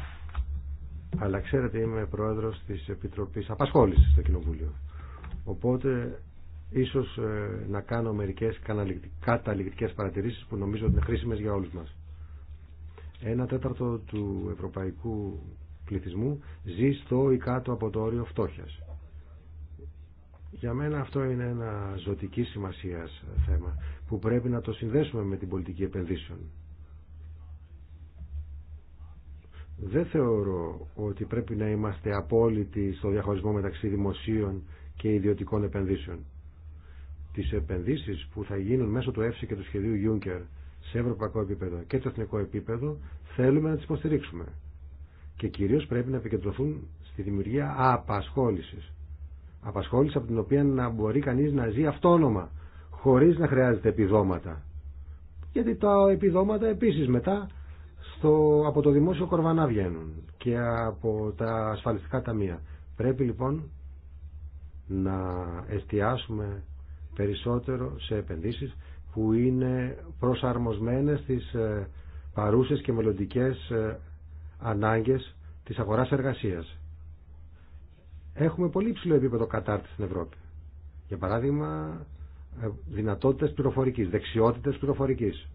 Αλλά ξέρετε είμαι πρόεδρος της Επιτροπής Απασχόλησης στο Κοινοβούλιο. Οπότε ίσως ε, να κάνω μερικές καταληκτικές παρατηρήσεις που νομίζω ότι είναι χρήσιμες για όλους μας. Ένα τέταρτο του ευρωπαϊκού πληθυσμού ζει στο ή κάτω από το όριο φτώχειας. Για μένα αυτό είναι ένα ζωτική σημασία θέμα που πρέπει να το συνδέσουμε με την πολιτική επενδύσεων. Δεν θεωρώ ότι πρέπει να είμαστε απόλυτοι στο διαχωρισμό μεταξύ δημοσίων και ιδιωτικών επενδύσεων. Τις επενδύσεις που θα γίνουν μέσω του ΕΦΣΙ και του σχεδίου Juncker σε ευρωπαϊκό επίπεδο και σε εθνικό επίπεδο θέλουμε να τις υποστηρίξουμε. Και κυρίως πρέπει να επικεντρωθούν στη δημιουργία απασχόλησης. Απασχόληση από την οποία να μπορεί κανείς να ζει αυτόνομα, χωρίς να χρειάζεται επιδόματα. Γιατί τα επιδόματα επίσης μετά από το δημόσιο κορβανά βγαίνουν και από τα ασφαλιστικά ταμεία. Πρέπει λοιπόν να εστιάσουμε περισσότερο σε επενδύσεις που είναι προσαρμοσμένες στις ε, παρούσες και μελλοντικές ε, ανάγκες της αγοράς εργασίας. Έχουμε πολύ ψηλό επίπεδο κατάρτισης στην Ευρώπη. Για παράδειγμα, ε, δυνατότητες πληροφορικής, δεξιότητες πληροφορικής.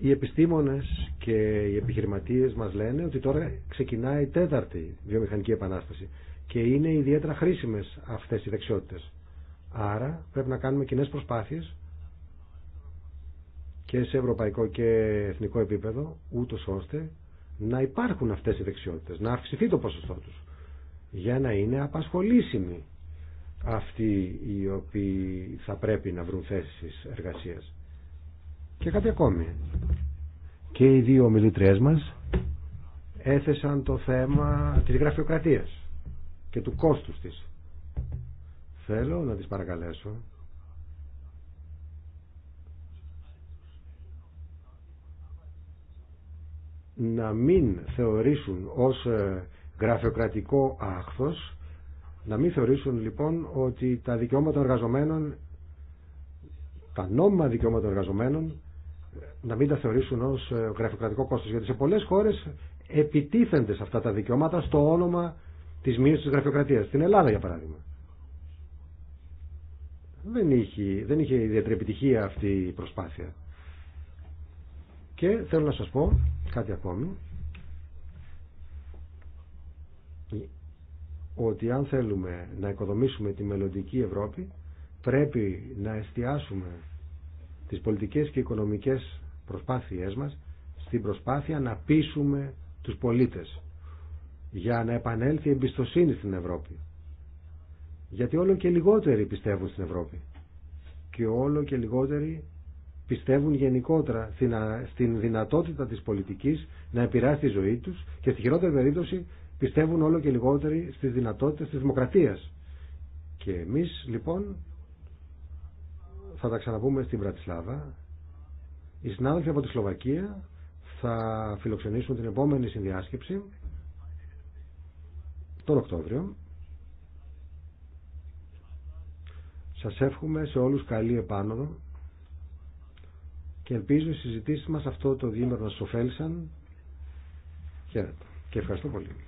Οι επιστήμονες και οι επιχειρηματίες μας λένε ότι τώρα ξεκινάει η τέταρτη βιομηχανική επανάσταση και είναι ιδιαίτερα χρήσιμες αυτές οι δεξιότητες. Άρα πρέπει να κάνουμε κοινέ προσπάθειες και σε ευρωπαϊκό και εθνικό επίπεδο ούτω ώστε να υπάρχουν αυτές οι δεξιότητες, να αυξηθεί το ποσοστό τους για να είναι απασχολήσιμοι αυτοί οι οποίοι θα πρέπει να βρουν θέσεις εργασίας και κάτι ακόμη. Και οι δύο ομιλήτριές μας έθεσαν το θέμα της γραφειοκρατίας και του κόστους της. Θέλω να τις παρακαλέσω να μην θεωρήσουν ως ε, γραφειοκρατικό άχθος να μην θεωρήσουν λοιπόν ότι τα δικαιώματα εργαζομένων τα νόμιμα δικαιώματα εργαζομένων να μην τα θεωρήσουν ως ε, γραφειοκρατικό κόστος γιατί σε πολλές χώρες επιτίθενται σε αυτά τα δικαιώματα στο όνομα της μείωσης της γραφειοκρατίας στην Ελλάδα για παράδειγμα δεν είχε, δεν είχε ιδιαίτερη επιτυχία αυτή η προσπάθεια και θέλω να σας πω κάτι ακόμη ότι αν θέλουμε να οικοδομήσουμε τη μελλοντική Ευρώπη πρέπει να εστιάσουμε τις πολιτικές και οικονομικές προσπάθειές μας στην προσπάθεια να πείσουμε τους πολίτες για να επανέλθει η εμπιστοσύνη στην Ευρώπη. Γιατί όλο και λιγότεροι πιστεύουν στην Ευρώπη και όλο και λιγότεροι πιστεύουν γενικότερα στην δυνατότητα της πολιτικής να επηρεάσει τη ζωή τους και στη χειρότερη περίπτωση πιστεύουν όλο και λιγότεροι στις δυνατότητες της δημοκρατίας. Και εμείς λοιπόν θα τα ξαναπούμε στην Βρατισλάβα. Οι συνάδελφοι από τη Σλοβακία θα φιλοξενήσουν την επόμενη συνδιάσκεψη τον Οκτώβριο. Σας εύχομαι σε όλους καλή επάνωδο και ελπίζω οι συζητήσεις μας αυτό το διήμερο να σας ωφέλησαν. και ευχαριστώ πολύ.